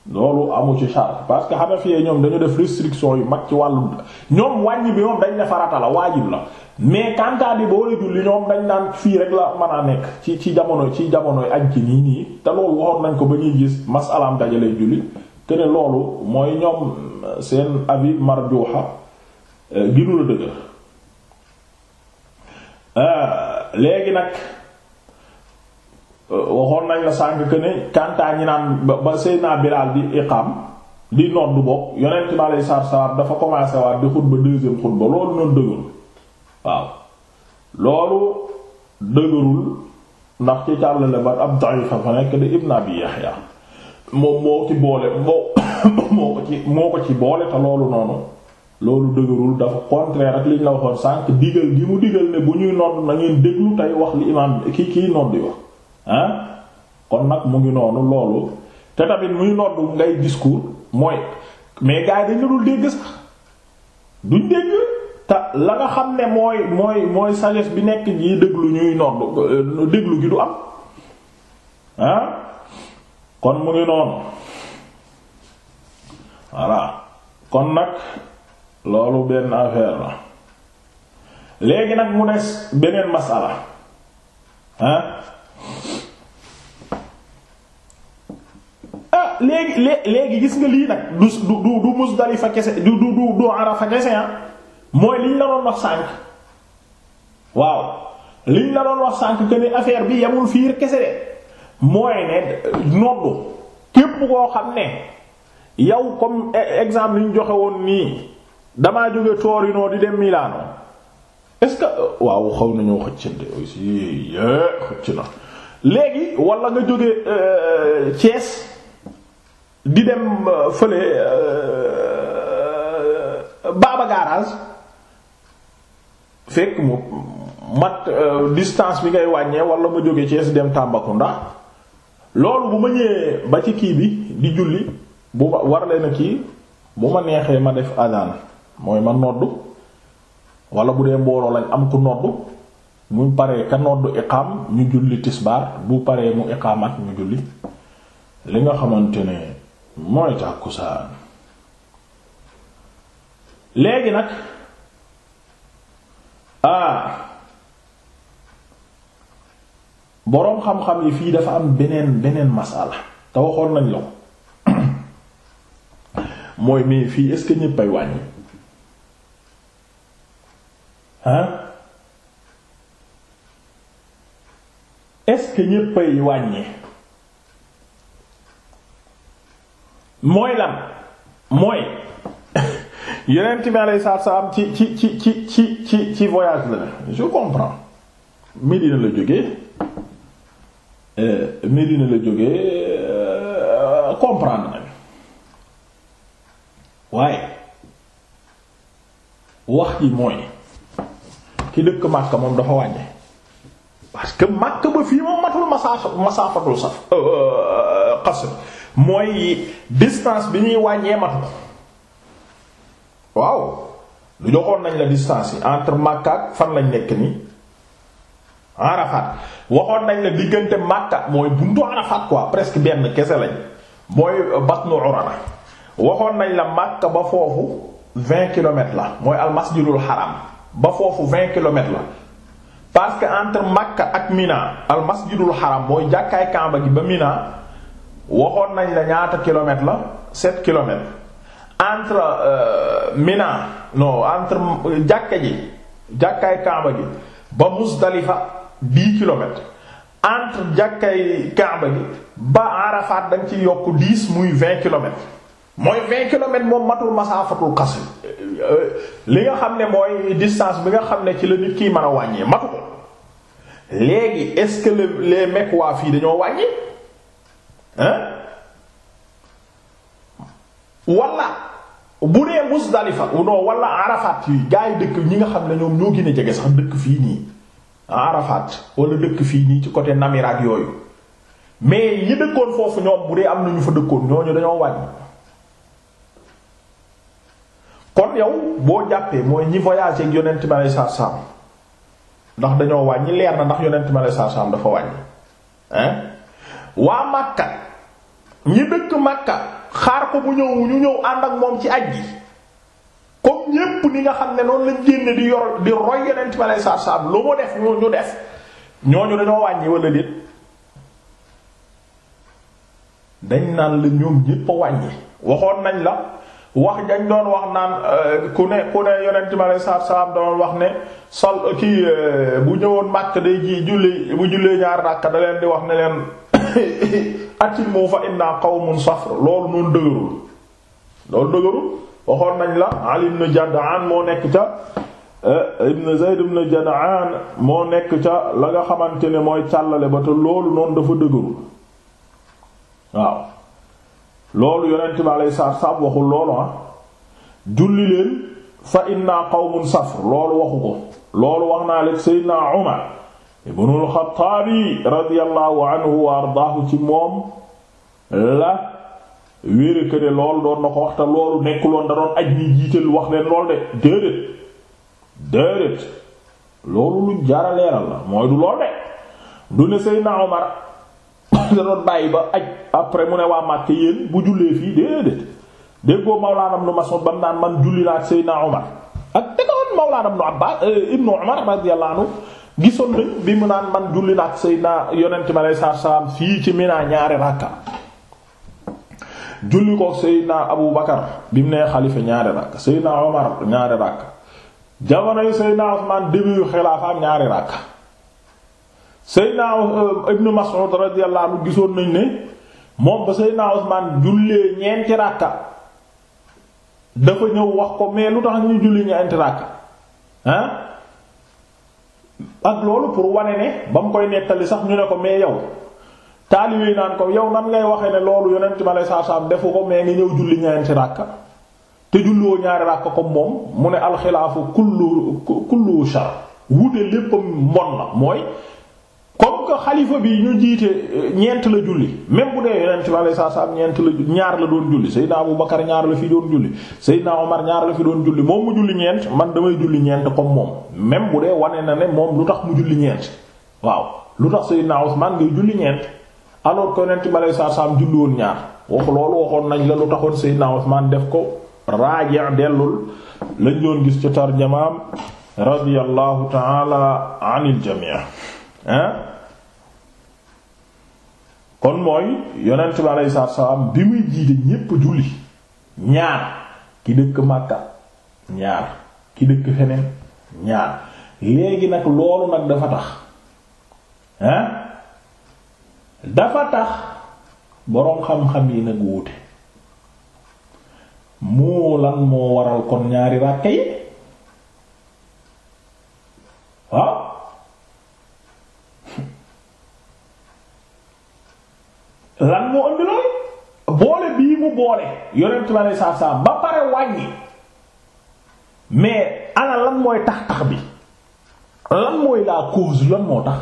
loolu amu ci charte parce que Hanafiya ñoom dañu def restriction yu mag ci wàllu ñoom wàññi bi ñoom dañ ne farata la waajib la mais kantaa bi boo julli ñoom dañ naan fii rek la man a nekk ci ci jamono ci jamono ak ci nii nii te loolu waxoon nañ ko ba ñuy gis masalaam dajalee julli te ne loolu mooy ñoom euh, seen avis marjuha euh, ginu la dëgër euh, léegi nag Euh, waxoon nañ la sànq que ne kantaa ñi naan ba bi Bilaal di iqaam di noddu bokk yonent bi aleyhi salaatu dafa commencé waat di xutba deuxième xutba loolu noonu dëgërul loolu dëgërul ci càllale ba ab da'ifa fa nekk di Ibn moom moo ci [COUGHS] ci moo ko ci boole te loolu noonu loolu dëgërul dafa contraire ak li la waxoon sànq digal gi mu digal ne bu ñuy nodd na ngeen déglu tey wax li imaam kii kii noddi wax kon nag mu ngi noonu loolu te tamit muy noddu ngay discours mooy mais gars yi dañ la dul dégg sax duñ dégg te la nga xam ne mooy mooy mooy sales bi nekk ji déglu ñuy noddu euh, déglu gi du am kon mu ngi noonu voilà kon nag loolu benn affaire la léegi nag mu des beneen masala ah léegi léegi gis nga lii nag du du du Muzdalifa kese du du du Arafa kese ah mooy liñ la doon wax sànq waaw liñ la doon wax sànq que ne affaire bi yamul fiir kese de mooy ne noddu képp koo xam ne yow comme e-, exemple li ñu joxe woon nii damaa jóge Torino di dem Milano est-ce que waaw xaw nañoo xëccante aussi xëcc na léegi wala nga jóge euh, Thiès. di dem euh, fële euh, baaba garage fekk mu mat euh, distance bi ngay wàññee walla ma jóge Cees dem Tambacounda loolu bu ma ñëwee ba ci kii bi di julli bu ma war leen a kii bu ma neexee ma def adaan mooy ma nodd wala bu dee mbooloo lañ am ku nodd mu paree ka nodd iqaam ñu julli tisbaar bu paree mu iqaamat ñu julli li nga xamante ne mooy tàkkusaan léegi nag ah boroom xam-xam yi fii dafa am beneen beneen masala te waxoon nañ la ko [COUGHS] mooy mais fii est-ce que ñépp ay wàññi ah est-ce que ñépp mooy lan mooy [LAUGHS] yeneen bi alayhi salaatu salaam ci ci ci ci ci ci ci voyage la ne je comprends Médina la jógee euh, Médina la jógee euh, comprendre nañ waaye wax ji mooy ki dëkk Makka moom dafa wàññi parce que Makka ba fii moom matul masaafatul saf euh, qasr mooy distance bi ñuy wàññee matu waaw lu joxoon nañ la distance yi entre Makka ak fan lañ nekk nii Arafat waxoon nañ la diggante Makka mooy buntu Arafat quoi presque benn kese lañ mooy batnu Urana waxoon nañ la Makka ba foofu vingt kilomètres la mooy almasjidul haram ba foofu vingt kilomètres la parce que entre Makka ak Mina almasjidul haram mooy jàkkaay Kaaba gi ba Mina waxoon nañ la ñaata kilomètres la sept kilomètres entre euh, Mina no entre euh, jàkka ji jàkkaay Kaaba gi ba Muzdalifa dix kilomètres entre jàkkaay Kaaba gi ba Arafat dañ ci yokk dix muy vingt kilomètres mooy vingt kilomètres moom matul masaafatul xas euh, li nga xam ne mooy distance bi nga xam ne ci la nit kiy mën a wàññee matu ko léegi est-ce que les Mecquois fii dañoo wàññi. wala bu dee Muzdalifa non wala Arafat yi gaa yi dëkk ñi nga xam ne ñoom ñoo gën a jege sax dëkk fii nii Arafat wala dëkk fii nii ci côté Namira ak yooyu mais yi dëkkoon foofu ñoom bu dee am na ñu fa dëkkoon ñooñu dañoo wàññi. kon yow boo jàppee mooy ñi voyagé ak yonent ma lay saar saam ndax dañoo wàññi leer na ndax yonent ma lay saar saam dafa wàññi hein waa Makka ñi dëkk Makka xaar ko bu ñëw ñu ñëw ànd ak moom ci aj gi comme ñépp ni nga xam ne noonu lañ génne di yor di roy yonent bi aleyhi salaatu salaam lu mu def ñu ñu def ñooñu dañoo wàññi wala déet dañ naan la ñoom ñépp a waxoon nañ la wax dañ doon wax naan euh, ku ne ku ne yonent bi aleyhi salaatu salaam doon wax ne sol kii euh, bu ñëwoon màkk day jii julli bu jullee ñaar ràkk da leen di wax ne leen atimmu fa inna qawmun safr loolu noonu dëgërul loolu dëgërul waxoon nañ la Ali ibn Jad'an moo nekk ca eh, ibn Zayd ibn Jad'an moo nekk ca la nga xamante ne mooy càllale ba te loolu noonu dafa dëgërul waaw loolu yonent bi aleyhi salaatu salaam waxul loolu ah julli leen fa inna qawmun safr loolu waxu ko loolu wax naa leen Seydina Umar ibnul xattaabi radiyallahu anhu wa ardaahu ci moom la wéere que ne doon na ko wax loolu nekkuloon da doon aj ñi jiital wax leen lool de déedéet déedéet loolu lu jaara leeral la mooy du lool de du ne Seydina Omar [COUGHS] da doon bàyyi ba aj après mu ne waa Màkka yéen bu jullee fii déedéet déggoo mawlaanam nu Mas'ud bam naan man julli naa ak ak te doon mawlaanam nu Abbaas euh, ibnu Omar radiyallahu anhu gisoon nañ bi mu naan man julli na ak yonent bi aleyhi salaatu salaam fii ci Mina ñaari rakka julli ko Seydina Abu Bakar bi mu nee xalifa ñaari rakka Seydina Omar euh, Ibnu Mas'ud radiyallahu anhu gisoon nañ ne moom ba Seydina Usmaan jullee ñeenti rakka dafa ñëw wax ko mais lu tax ñu julli ñeenti rakka ah. ak loolu pour wane ne ba mu koy nettali sax ñu ne ko mais yow taalibe yi naan ko yow nan ngay waxee ne loolu yonent ma lay saa saam defu ko mais ngi ñëw julli ñeenti ràkka te julliwoo ñaari ràkka ko moom mu ne alxilaafu kullu kullu shar wute léppam mbon la mooy que xalifa bi ñu jiite ñeent la julli même bu dee yonent bi alayhi salaam ñeent la ñaar la doon julli Seydina Abu Bakar ñaar la fi doon julli Seydina Omar ñaar la fi doon julli moom mu julli ñeent man damay julli ñeent comme moom même bu dee wane na ne moom lu tax mu julli ñeent waaw lu tax Seydina Usmaan ngay julli ñeent alors que yonent bi alayhi salaam julli woon ñaar wax loolu waxoon nañ la lu taxoon Seydina Usmaan def ko raaje dellul lañ doon gis ci tarjamaam radiyallahu ta'ala anil jami' ah kon mooy yonent bi alayhi salaatu salaam bi muy jiite ñépp julli ñaar ki dëkk Makka ñaar ki dëkk feneen ñaar léegi nag loolu nag dafa tax hein dafa tax boroom xam-xam yi nag wuute moo lan moo waral kon ñaari ràkke yi lan moo ëndi lool boole bii mu boole yonent ma ne saaf saaf ba pare wàññi mais ana lan mooy tax tax bi lan mooy la cause lan moo tax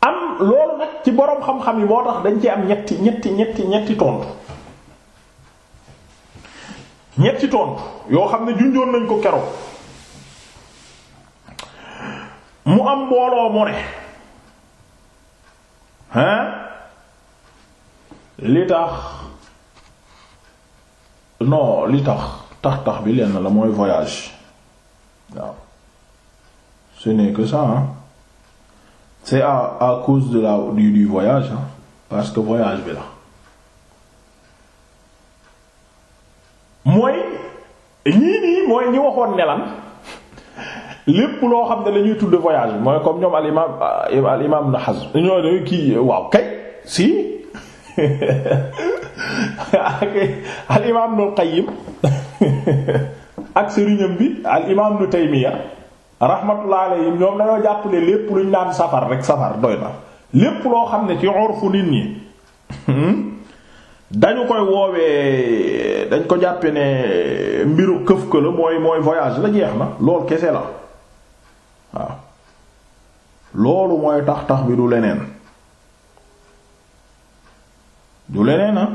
am loolu nag ci boroom xam-xam yi boo tax dañ ci am ñetti ñetti ñetti ñetti tontu ñetti tontu yoo xam ne junjoon nañ ko keroog mu am mbooloo mu ne hein li tax non li tax tax-tax bi lenn la mooy voyage waaw ce n'est que ça hein c'est à à de la du du voyage hein parce que voyage bi la mooy ñii nii mooy ñi waxoon ne lan lépp loo xam ne la ñuy tudd voyage bi mooy comme ñoom al imam euh, al imam na ñoo dañuy kii euh, waaw kay si [LAUGHS] al imam Ibnul Qayyim [LAUGHS] bi al imam Ibnu Taymiya rahmatullah yi ñoom dañoo jàppale lépp luñ naan safar rek safar doy na lépp loo xam ne ci urfu nit ñi hmm, dañu koy woowee dañ ko jàppe ne euh, mbiru këf këla mooy mooy voyage la jeex na lool kese la waaw loolu mooy tax tax bi du leneen du leneen ah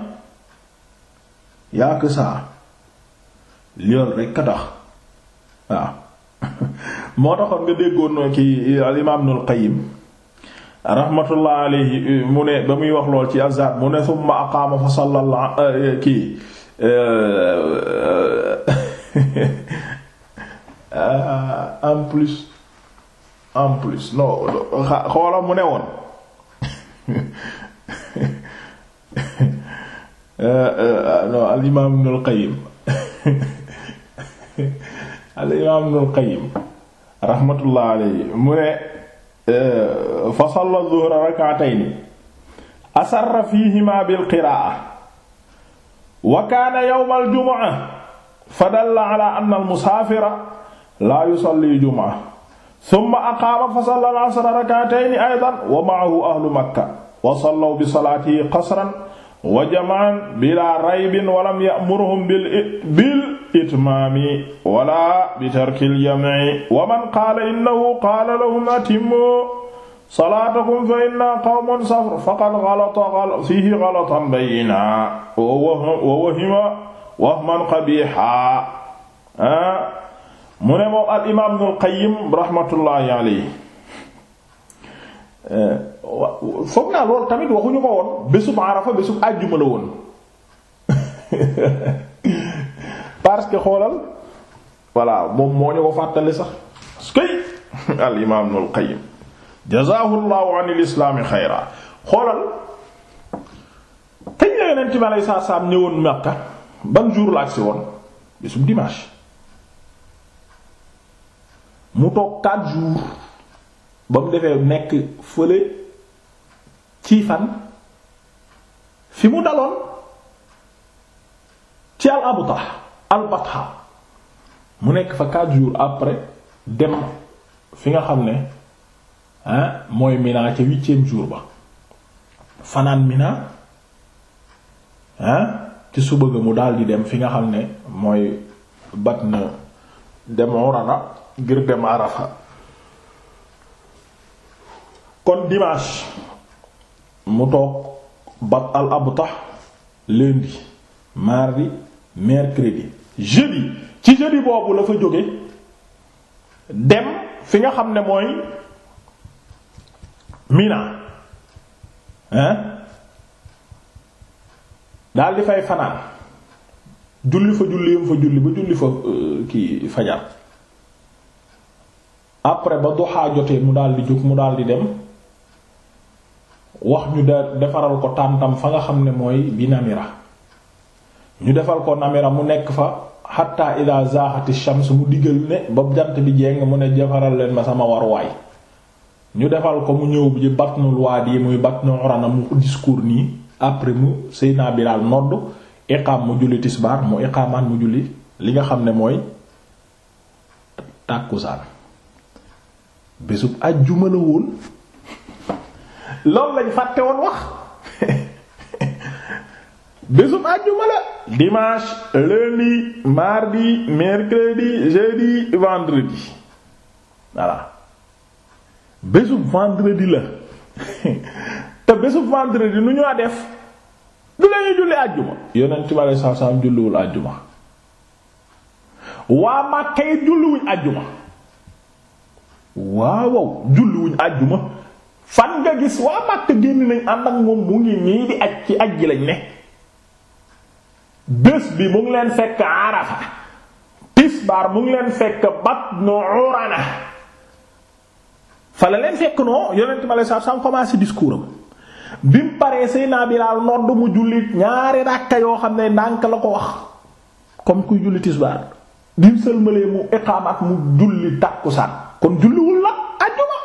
yaa que ça loolu rekk a tax waaw [LAUGHS] moo taxoon nga déggoon ki al imaam Ibnul Qayyim rahmatullah alayhi mu ne ba muy wax lool ci azad mu ne summa aqaama fa salla euh, euh, kii euh, [LAUGHS] en plus en plus non xoola mu ne woon [LAUGHS] euh, euh, non al imaam Ibnul Qayyim [LAUGHS] al imaam Ibnul Qayyim rahmatullah alayhi mu ne euh, fa salla zuhra rak'atayn asarra fiihima bil qiraa'a wa kaana yawmal jumu'a fa dalla ala anna al musaafira laa yusalli jumu'a summa aqaama fa salla al-asra rak'atayni aydan wa ma'ahu ahlu makka wa sallaw bi salaatihi qasran wa jam'an bilaa raybin wa lam ya'murhum bil itmaami wala bi tarkil jam'i wa man qaala innahu qaala lahum atimmu salaatakum fa inna qawman safar faqad ghalata fiihi ghalatan bayyinan wa wahima wahman qabiihan mu ne moom al imaam Ibnul Qayyim rahmatullahi alayhi eh, foog naa loolu tamit waxuñu ko woon bésub Arafa bésub àjjuma la woon [LAUGHS] parce que xoolal voilà moom moo ñu ko fàttali sax skay [LAUGHS] al imaam Ibnul Qayyim jazaahu Allahu anil islaami xayra xoolal kañ la Yonent bi alayhi salaam ñëwoon Makka ban jour la agsi woon bésub dimanche mu toog quatre jours ba mu defee nekk fële ci fan fi mu daloon ci al abtah al mu nekk fa quatre jours après dem fi nga xam ne ah mooy Mina ca huitième jour ba fanaan Mina ah ci suba ga mu daal di dem fi nga xam ne mooy bat na dem Urana ngir dem Arafa kon dimanche mu toog ba al abtah lundi mardi mercredi jeudi ci jeudi boobu la fa jóge dem fi nga xam ne mooy Mina hein daal di fay fanaan julli fa julli yam fa julli ba julli fa euh, kii fajar après ba duhaa mu daal di jóg mu daal di dem wax ñu da defaral ko tàntam fa nga xam ne mooy bi namira ñu defal ko namira mu nekk fa hatta ila zaaxati shams mu diggal ne ba jant bi jeng mu ne defaral leen ma sama war waay ñu defal ko mu ñëw bi batnul waadi muy batnu urana mu discours nii après mu seyna Bilaal nodd iqaam mu julli tisbaar mu iqaamaan mu julli li nga xam ne mooy tàkkusaan bésub àjjuma la woon loolu lañ fàtte woon wax bésub àjjuma la dimanche lundi mardi mercredi jeudi vendredi voilà bésub vendredi la [LAUGHS] te bésub vendredi nu ñoo def du lañuy julli àjjuma yonent bi aleyhi salaatu salaam julliwul àjjuma waa Makka julliwuñ àjjuma waaw julli wuñ àjjuma fan nga gis waa Makka génn nañ ànd ak moom mu ngi nii di aj ci aj ji lañ ne bés bi mu ngi leen fekk Arafa tisbaar mu ngi leen fekk Batnu Urana fa la leen fekk noo yonent ma lay sax sam commencé discours bi mu paree Seyna Bilaal nodd mu jullit ñaari ràkka yoo xam ne ndànk la ko wax comme kuy julli tisbaar bi mu sëlmalee mu iqaamaat mu julli kon julliwul la ajjuma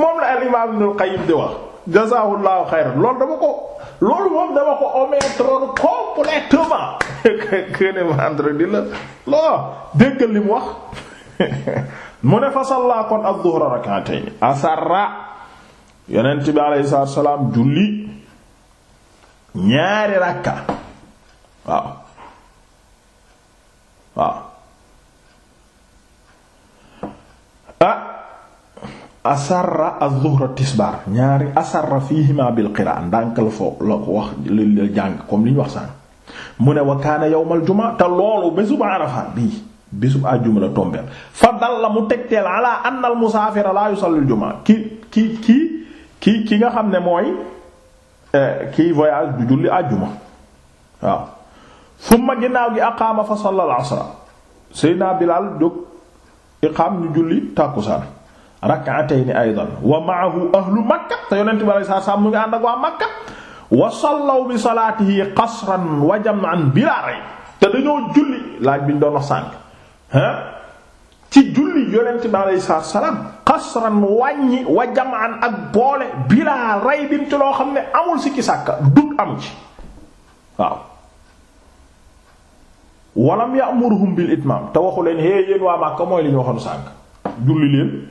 moom la al imaam Ibnul Qayyim di wax jazaahullahu xayran loolu dama ko loolu moom dama ko omettre complètement [LAUGHS] que ne vendredi la loo déggal li mu wax [LAUGHS] mu ne fa salla kon az-zuhra rak'atayn asarra yonent bi alayhi salaatu salaam julli ñaari rakka waaw waaw asarra az-zuhra tisbaar ñaari asarra fiihima bil qiraa ndànk la foo la ko wax la jàng comme li ñu wax sànq mu ne wa kaana yawmal jumaa te loolu bésub Arafa bii bésub àjjuma la tombeel fa dal la mu tegteel ala anna musaafira laa yusalli jumaa ki ki ki ki nga xam ne mooy eh, kiy voyage du julli àjjuma waaw summa ginnaaw gi aqaama fa salla al asra Seydina Bilaal jóg iqaam ñu julli tàkkusaan rak'atayn aydan wa ma'ahu ahlu makka te yonent bi alayhi salaam mu ngi ànd ak waa makka wa sallaw bi salaatihi qasran wa jam'an bilaa rayb te dañoo julli laaj bi ñu doon wax sànq ah ci julli yonent bi alayhi salaam qasran wàññi wa jam'an ak boole bilaa raybin ci loo xam ne amul sikki sàkka dut am ci waaw. walam ya'muruhum bil itmaam te waxu leen hey yéen waa makka mooy li waxoon sànq julli leen.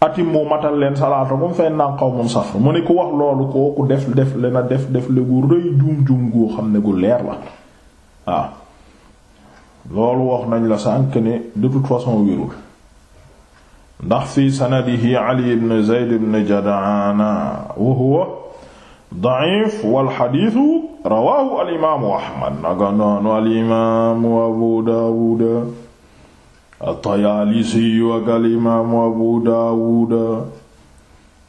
atim moo matal leen salaata moom fay nanqaw moom safar mu ne ku wax loolu kooku def def lena def def legu rëy juum juum goo xam ne gu leer la waaw loolu wax nañ la sànk ne de toute ndax fi sanadihi ali ibn zayd ibn jadana wa huwa da'if wal hadith rawahu al imaamu ahmad naka noonu al imaamu abu daawuda at-Tayaalisi wa kal imaamu Abu Daawuud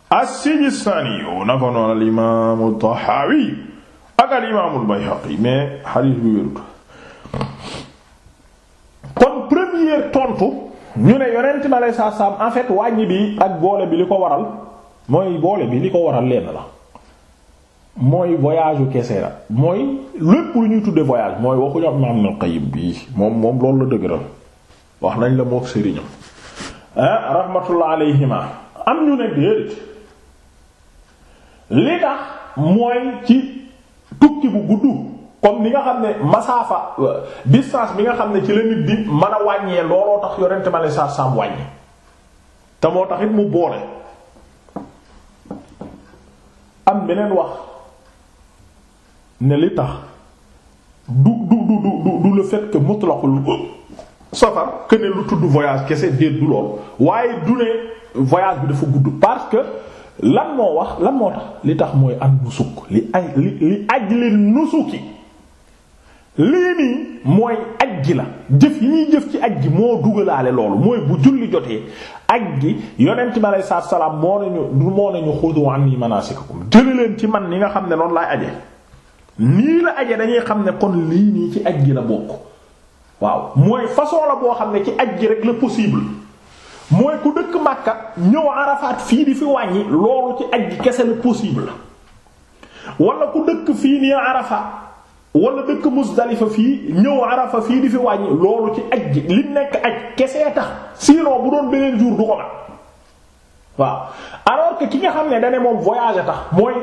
as-Sijistaani oh, na ko noonu al imaamu ak al imaamu Bayhaqi mais xadiis bi wérut kon première tontu ñu ne yonent ma lay saa saam en wàññi bi ak boole bi li ko waral mooy boole bi li ko waral lenn la mooy voyage u kese la mooy lépp lu ñuy tudde voyage mooy waxuñu Imaam al Qayyim bii moom moom loolu la dëgëral wax nañ la mook sëriñam ah rahmatullah alayhima am ñu ne déedéet li tax mooy ci tukki bu gudd comme ni nga xam ne masaafa distance bi nga xam ne ci la nit di mën a wàññee looloo tax yorente ma la sar sam wàññi te moo tax mu boole am beneen wax ne li tax du du du du du le fait que mutlaqul safar que ne lu tudd voyage kese déet du lool waaye du ne voyage bi dafa gudd parce que lan moo wax lan moo tax li tax mooy am nusuk li aj li li aj li nusuki lii nii mooy aj gi la jëf yi ñuy jëf ci aj gi moo dugalaale loolu mooy bu julli jotee aj gi yonent bi aleyhi salaatu salaam moo nañu moo nañu xudu anni manasikakum jëli leen ci man ni nga xam ne noonu laay aje nii la aje dañuy xam ne kon lii nii ci aj gi la bokk waaw mooy façon la boo xam ne ci aj gi rek la possible mooy ku dëkk Makka ñëw Arafat fii di fi wàññi loolu ci aj gi kese la possible wala ku dëkk fii nii Arafat wala dëkk Muzdalifa fii ñëw Arafat fii di fi wàññi loolu ci aj gi li nekk aj kese tax sinon bu doon beneen jur du ko man waaw alors que ki nga xam ne dane moom voyage tax mooy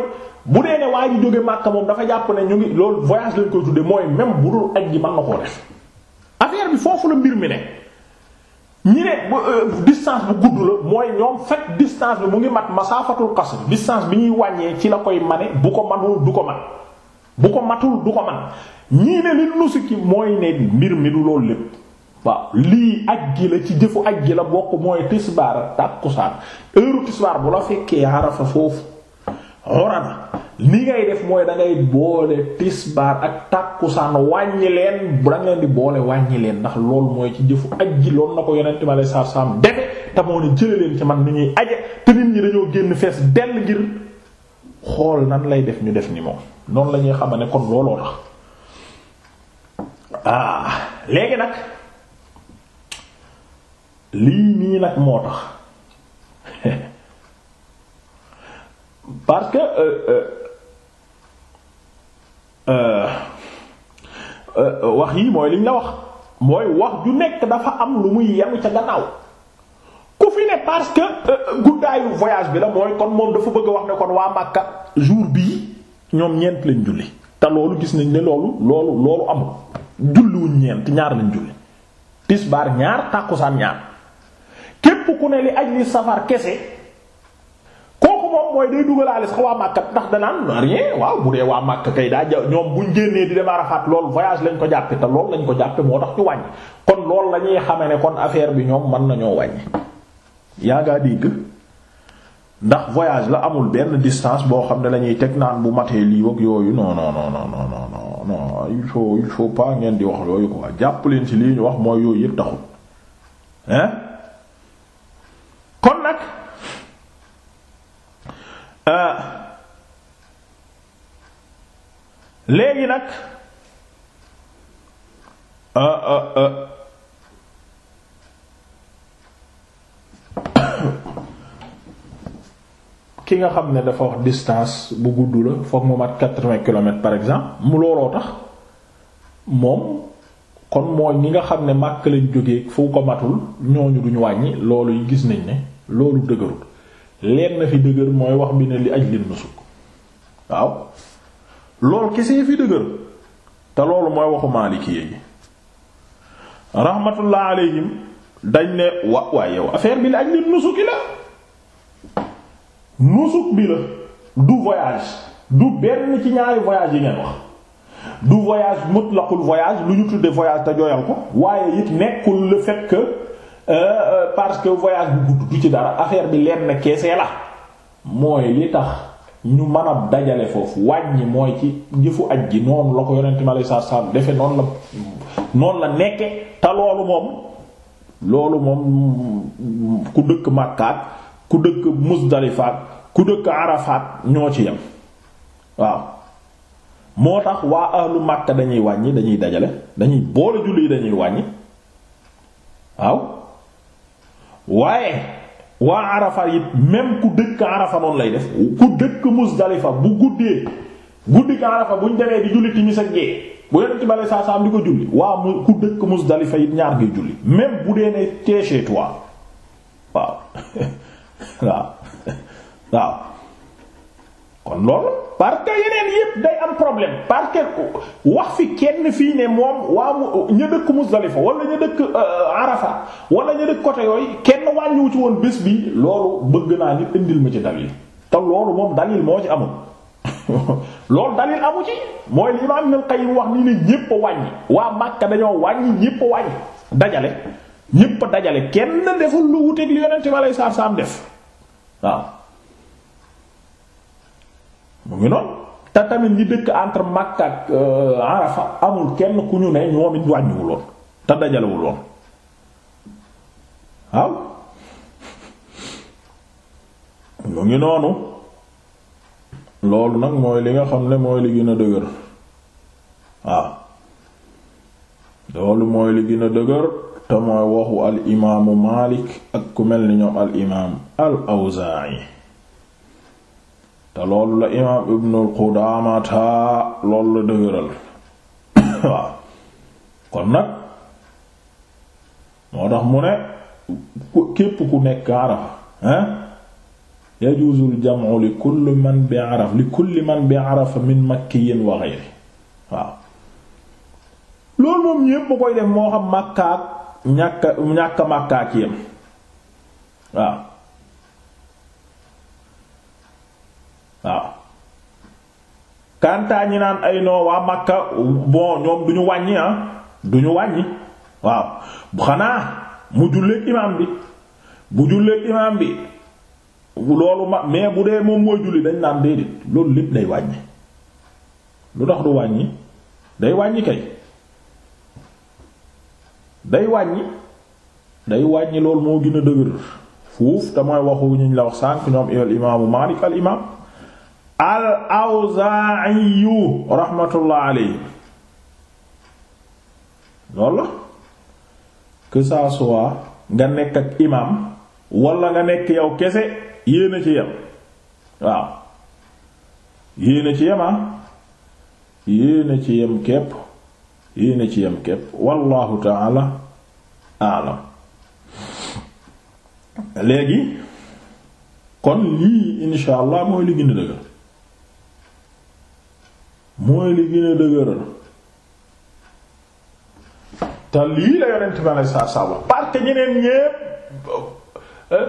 bu dee ne waa ji jóge Makka moom dafa jàpp ne ñu ngi loolu voyage lañ koy tudde mooy même bu doon aj gi mën na affaire bi foofu la mbir mi ne ñi ne euh, distance bu gudd la mooy ñoom fekk distance bi mu ngi mat masaafatul qasr distance bi ñuy wàññee ci la koy mane bu ko manul du ko man bu ko matul du ko man ñii ne li nusuki mooy ne mbir mi du loolu lépp waaw lii aj gi la ci jëfu aj gi la bokk mooy tisbaar tàkkusaan heure tisbaar bu la fekkee Arafa foofu Urana li ngay def mooy da boole tisbaar ak tàkkusaan wàññi leen da ngeen di boole wàññi leen ndax loolu mooy ci jëfu aj ji loolu na ko yonent ma lay saam defe te moo jële leen ci man ni ñuy aje te nit ñi dañoo génn fees dell ngir xool nan lay def ñu def ni moom noonu la ñuy xam ne kon looloo tax ah, léegi nag lii nii nag moo tax [LAUGHS] parce que. Euh, euh, Euh, euh, wax yii mooy liñ la wax mooy wax ju nekk dafa am lu muy yem ca gannaaw ku fi ne parce que euh, guddaayu voyage bi la mooy kon moom dafa bëgg wax ne kon waa Makka jour bii ñoom ñeent lañ julli te loolu gis nañ ne loolu loolu loolu amul julliwuñ ñeent ñaar lañ julli tisbaar ñaar tàkkusaan ñaar képp ku ne li ajli safar kese moom mooy day dugalaale sax waa Makka ndax danaan rien waaw bu dee waa Makka kay daa ja ñoom buñ génnee di dem Arafat loolu voyage lañ ko jàppe te loolu lañ ko jàppe moo tax ñu wàññi kon loolu la ñuy xame kon affaire bi ñoom mën nañoo wàññi yaa ngaa dégg ndax voyage la amul benn distance boo xam ne lañuy teg naan bu matee lii wag yooyu non non non non il faut il faut pas ngeen di wax yooyu quoi jàpp leen ci lii ñu wax mooy yooyu yëpp taxul hein Ah. léegi nag ah, ah, [COUGHS] ki nga xam ne dafa wax distance bu gudd la foog mu mat quatre-vingts kilomètres par exemple mu looloo tax moom kon mooy ñi nga xam ne màkk lañ jógee fu ko matul ñooñu duñu wàññi loolu yi gis nañ ne loolu dëgërul leen na fi dëgër mooy wax bi ne li aj lin nusuk waaw loolu kese fi dëgër te loolu mooy waxu maalikiyé yi rahmatullah alayhim dañ ne wa waay yow affaire bi li aj lin nusuki la nusuk bi la du voyage du benn ci ñaari voyage yi ngeen wax du voyage mutlaqul voyage lu ñu tudde voyage te jooyal ko waaye it nekkul le fait Euh, euh, parce que voyage bu gudd du ci dara affaire bi lenn keesee la mooy li tax ñu mën a dajale foofu wàññi mooy ci jëfu aj ji noonu la ko yonent mi aleyhi salaatu defe noonu la noonu la nekke te loolu moom loolu moom ku dëkk Makkaat ku dëkk Muzdalifaat ku dëkk Arafaat ñoo ci yem waaw moo tax waa ahlu Makka dañuy wàññi dañuy dajale dañuy boole julli dañuy wàññi waaw waaye waa arafa it même ku dëkk arafa noonu lay def ku dëkk Muzdalifa bu guddee guddi ga arafa buñ demee di julli timis ak gee bu yonent bi aleyhi salaam di ko julli waa mu ku dëkk Muzdalifa it ñaar ngay julli même bu dee ne chez toi waaw [LAUGHS] waaw [LAUGHS] waaw kon loolu parce que yeneen yépp day am problème parce wax fi kenn fii ne moom waa mu ña dëkk Muzdalifa wala ña dëkk euh, Arafa wala ña dëkk côté yooyu kenn wàññiwu ci woon bés bi loolu bëgg naa nit indil ma ci dalil te loolu moom dalil moo ci amul [LAUGHS] loolu dalil amu ci mooy li Imaam Ibn Qayyim wax ni ne ñépp wàññi waa Makka dañoo wàññi ñépp a wàññi dajale ñépp a dajale kenn deful lu wuteeg li yonent bi alayhi salaam def waaw. mu ngi noonu te tamit ñi dëkk entre Makka ak euh, amul kenn ku ñu ne ñoom it wàññiwuloon te dajalewuloon waaw mu ngi noonu loolu nag mooy li nga xam ne mooy li gën a dëgër waaw loolu mooy li gën a dëgër te mooy waxu al imaamu ak ku mel ni ñoom al imaam te loolu la imaam ibnul Qudaamata loolu la dëgëral [COUGHS] waaw kon nag moo tax mu ne képp ku nekk Arafa hein yajuuzul jam'u li kulli man bi Arafa li kulli man bi Arafa min makkiyin wa ghayri waaw loolu moom ñépp koy def moo xam Makka ak ñàkk ñàkk Makka ak yem waaw waaw kantaa ñi naan ay noo waa Makka bon ñoom du ñu wàññi ah du ñu wàññi waaw xanaa mu julleek imaam bi bu julleek imaam bi loolu ma mais bu dee moom mooy julli dañ naan déedéet loolu lépp day wàññi lu tax du wàññi day wàññi kay day wàññi day wàññi loolu moo gën a dëgër fuuf te mooy waxu ñu la wax sànq ñoom al imaamu Maalik al al awzaayu rahmatullah alayhi loolu la que ça soit nga nekk ak imam wala nga nekk yow kese yéena ci yem waaw yéena ci yem ah yéena ci yem képp yéena ci yem képp wallahu taala aalam léegi kon lii insha mooy li gën mooy li gën a dëgëral te lii la yonent bi aleyhi salaatu salaam parce ñeneen ñépp euh,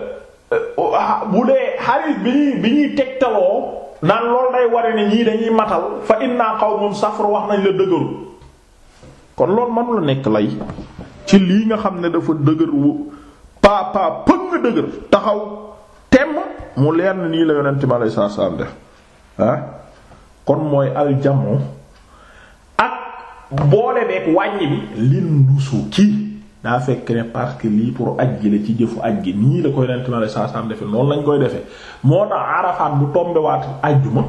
euh, oh, ah, bu dee xarit bi ñuy bi ñuy tegtaloo naan loolu day ware ne ñii dañuy matal fa inna qawmun safar wax nañ la dëgëru kon loolu mënula nekk lay ci lii nga xam ne dafa dëgër wu paa paa pëg nga dëgër taxaw temm mu leen na nii la yonent bi aleyhi salaatu salaam def ah kon mooy aljamu ak boole beeg wàññi bi lin nusu kii daa fekk ne parce lii pour aj gi la ci jëfu aj gi nii la koy nent na saa saam defe noonu lañ koy defee moo tax arafaat bu tombewaat ajjuma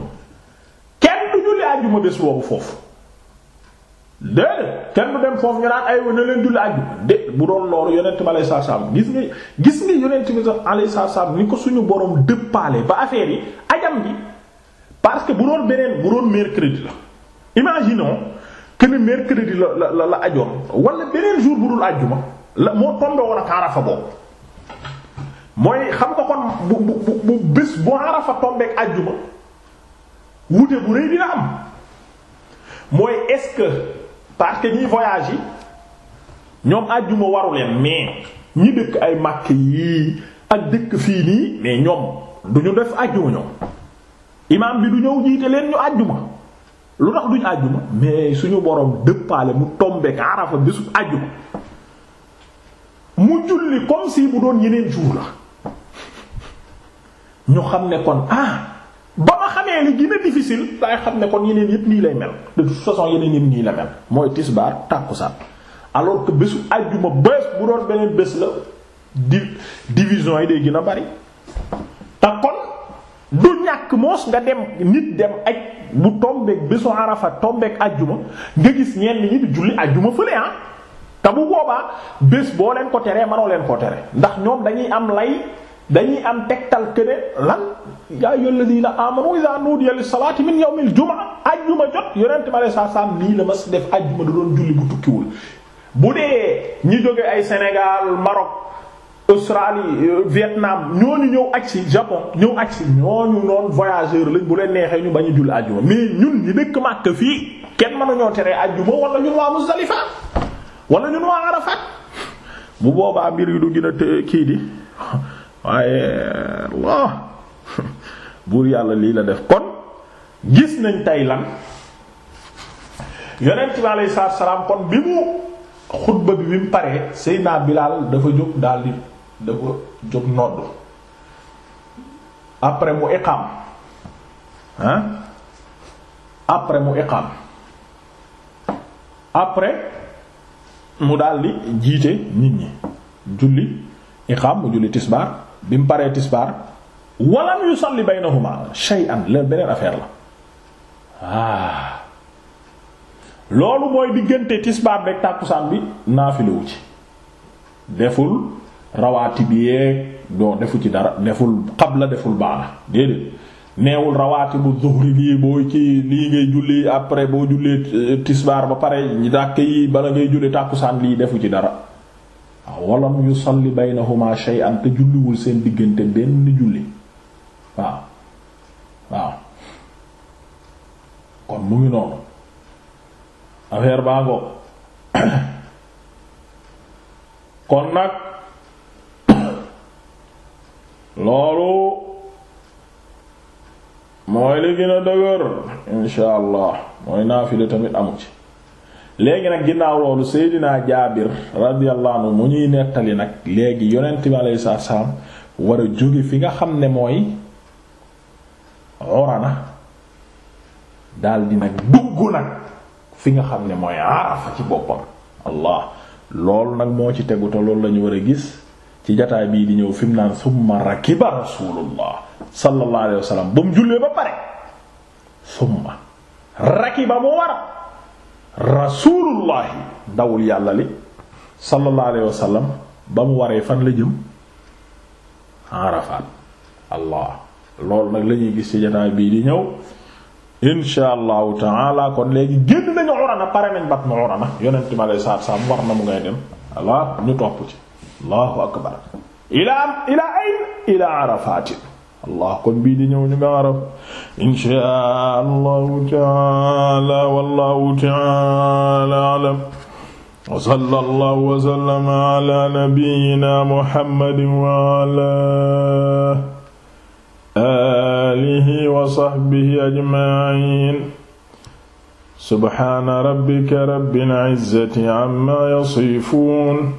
kenn du julli ajjuma bés boobu foofu déedéet kenn du dem foofu ñu naan ay na leen julli ajjuma de bu doon loolu yonent bi alay saa saam gis nga gis nga yonent bi alay saa saam ni ko suñu borom dëppaale ba affaire yi ajam bi parce que bu doon beneen bu doon mercredi la imaginons que ne mercredi la la la la ajoon wala beneen jour bu dul àjjuma la moo tombé woon ak arafa boobu mooy xam nga kon bu bu bu bés bu arafa tombé àjjuma wuute bu rëy dina am mooy est-ce que parce que ñiy voyage yi ñoom àjjuma waru leen mais ñi dëkk ay Makka yii ak dëkk fii nii mais ñoom du ñu def àjjuma ñoom. imaam bi du ñëw jiite leen ñu àjjuma lu tax duñ àjjuma mais suñu borom dëppaale mu tombeek arafa bésu àjjuma mu julli comme si bu doon yeneen jour la ñu xam ne kon ah ba ma xamee li gën a difficile daay xam ne kon yeneen yëpp nii lay mel de toute façon yeneen yëpp nii la mel mooy tisbaar tàkkusaan alors que bésu àjjuma bés bu doon beneen bés la di division yi day gën a bari te du ñàkk moos nga dem nit dem aj bu tombeek bésu Arafa tombeek ajjuma nga gis ñenn ñi di julli ajjuma fële ah te bu boobaa bés boo leen ko teree manoo leen ko tere ndax ñoom dañuy am lay dañuy am tegtal këne lan yaa ayyuhal ladina amanu idha nudiya lis salati min yawmil jumu'a ajjuma jot yonent ma lay saa saam nii la ma si def ajjuma da doon julli bu tukkiwul bu dee ñi jóge ay Sénégal Maroc Australie euh, Vietnam ñooñu ñëw agsi Japon ñëw agsi ñooñu noon voyageur lañ bu leen neexee ñu bañu jul àjjuma mais ñun ñi dëkk Makka fii kenn mënu ñoo teree àjjuma wala ñun waa Muzdalifa wala ñun waa Arafat bu boobaa mbir yi du gën a kii di waaye buur yàlla lii la def kon gis nañ tey lan yonent bi alayhi salaam kon bi mu xutba bi bi mu paree Seydina Bilaal dafa jóg daldi dafa jóg nodd après mu iqam hein après mu iqam après mu daldi jiite nit ñi julli iqam mu julli tisbaar bi mu paree tisbaar walam yusalli baynahuma shay'an leen beneen affaire la ah. loolu mooy diggante tisbaar beek tàkkusaan bi naafilewu ci deful rawaati bi yeeg doo defu ci dara deful la deful baada déedéet neewul rawaati bu zuhri lii boo ci lii ngay julli après boo jullee euh, tisbaar ba pare ñi dàkk yi bala ngay julli tàkkusaan lii defu ci dara waaw walam yusalli baynahuma shay'an te julliwul seen diggante benn julli waaw waaw kon mu ngi noonu affaire baa ngo [COUGHS] kon nag loolu mooy li gën a dëgër insha allah mooy naafile tamit amu ci léegi nag ginnaaw loolu seydinaa jaabir radiyallahu anhu mu ñuy nettali nag léegi yonent bi alayhi salaam war a jóge fi nga xam ne mooy orana daldi nag dugg nag fi nga xam ne mooy arafa ci boppam allah loolu nag moo ci tegu loolu lañu war a gis ci jataay bii di ñëw fi naan summa rakiba rasulullah sallallahu wa sallam ba mu jullee ba pare summa rakiba mu war rasulullahi ndawul yàlla li sallallahu wa sallam ba mu waree fan la jëm Arafat allah loolu nag lañuy gis ci jataay bii di ñëw insha allahu taala kon léegi génn nañu Urana pare nañ bat na Urana yonent mi alayhi salaatu war na mu ngay dem ala ñu topp ci allahu akbar ilaa ilaa ayn ilaa arafatin allah kon bii di ñëw ñu nga araf inshaa allahu taala wallahu taala alam wa sallallahu wa sallama ala nabiyyina muhammadin wa ala alihi wa sahbihi ajma'in subhana rabbika rabbil izzati amma yasifun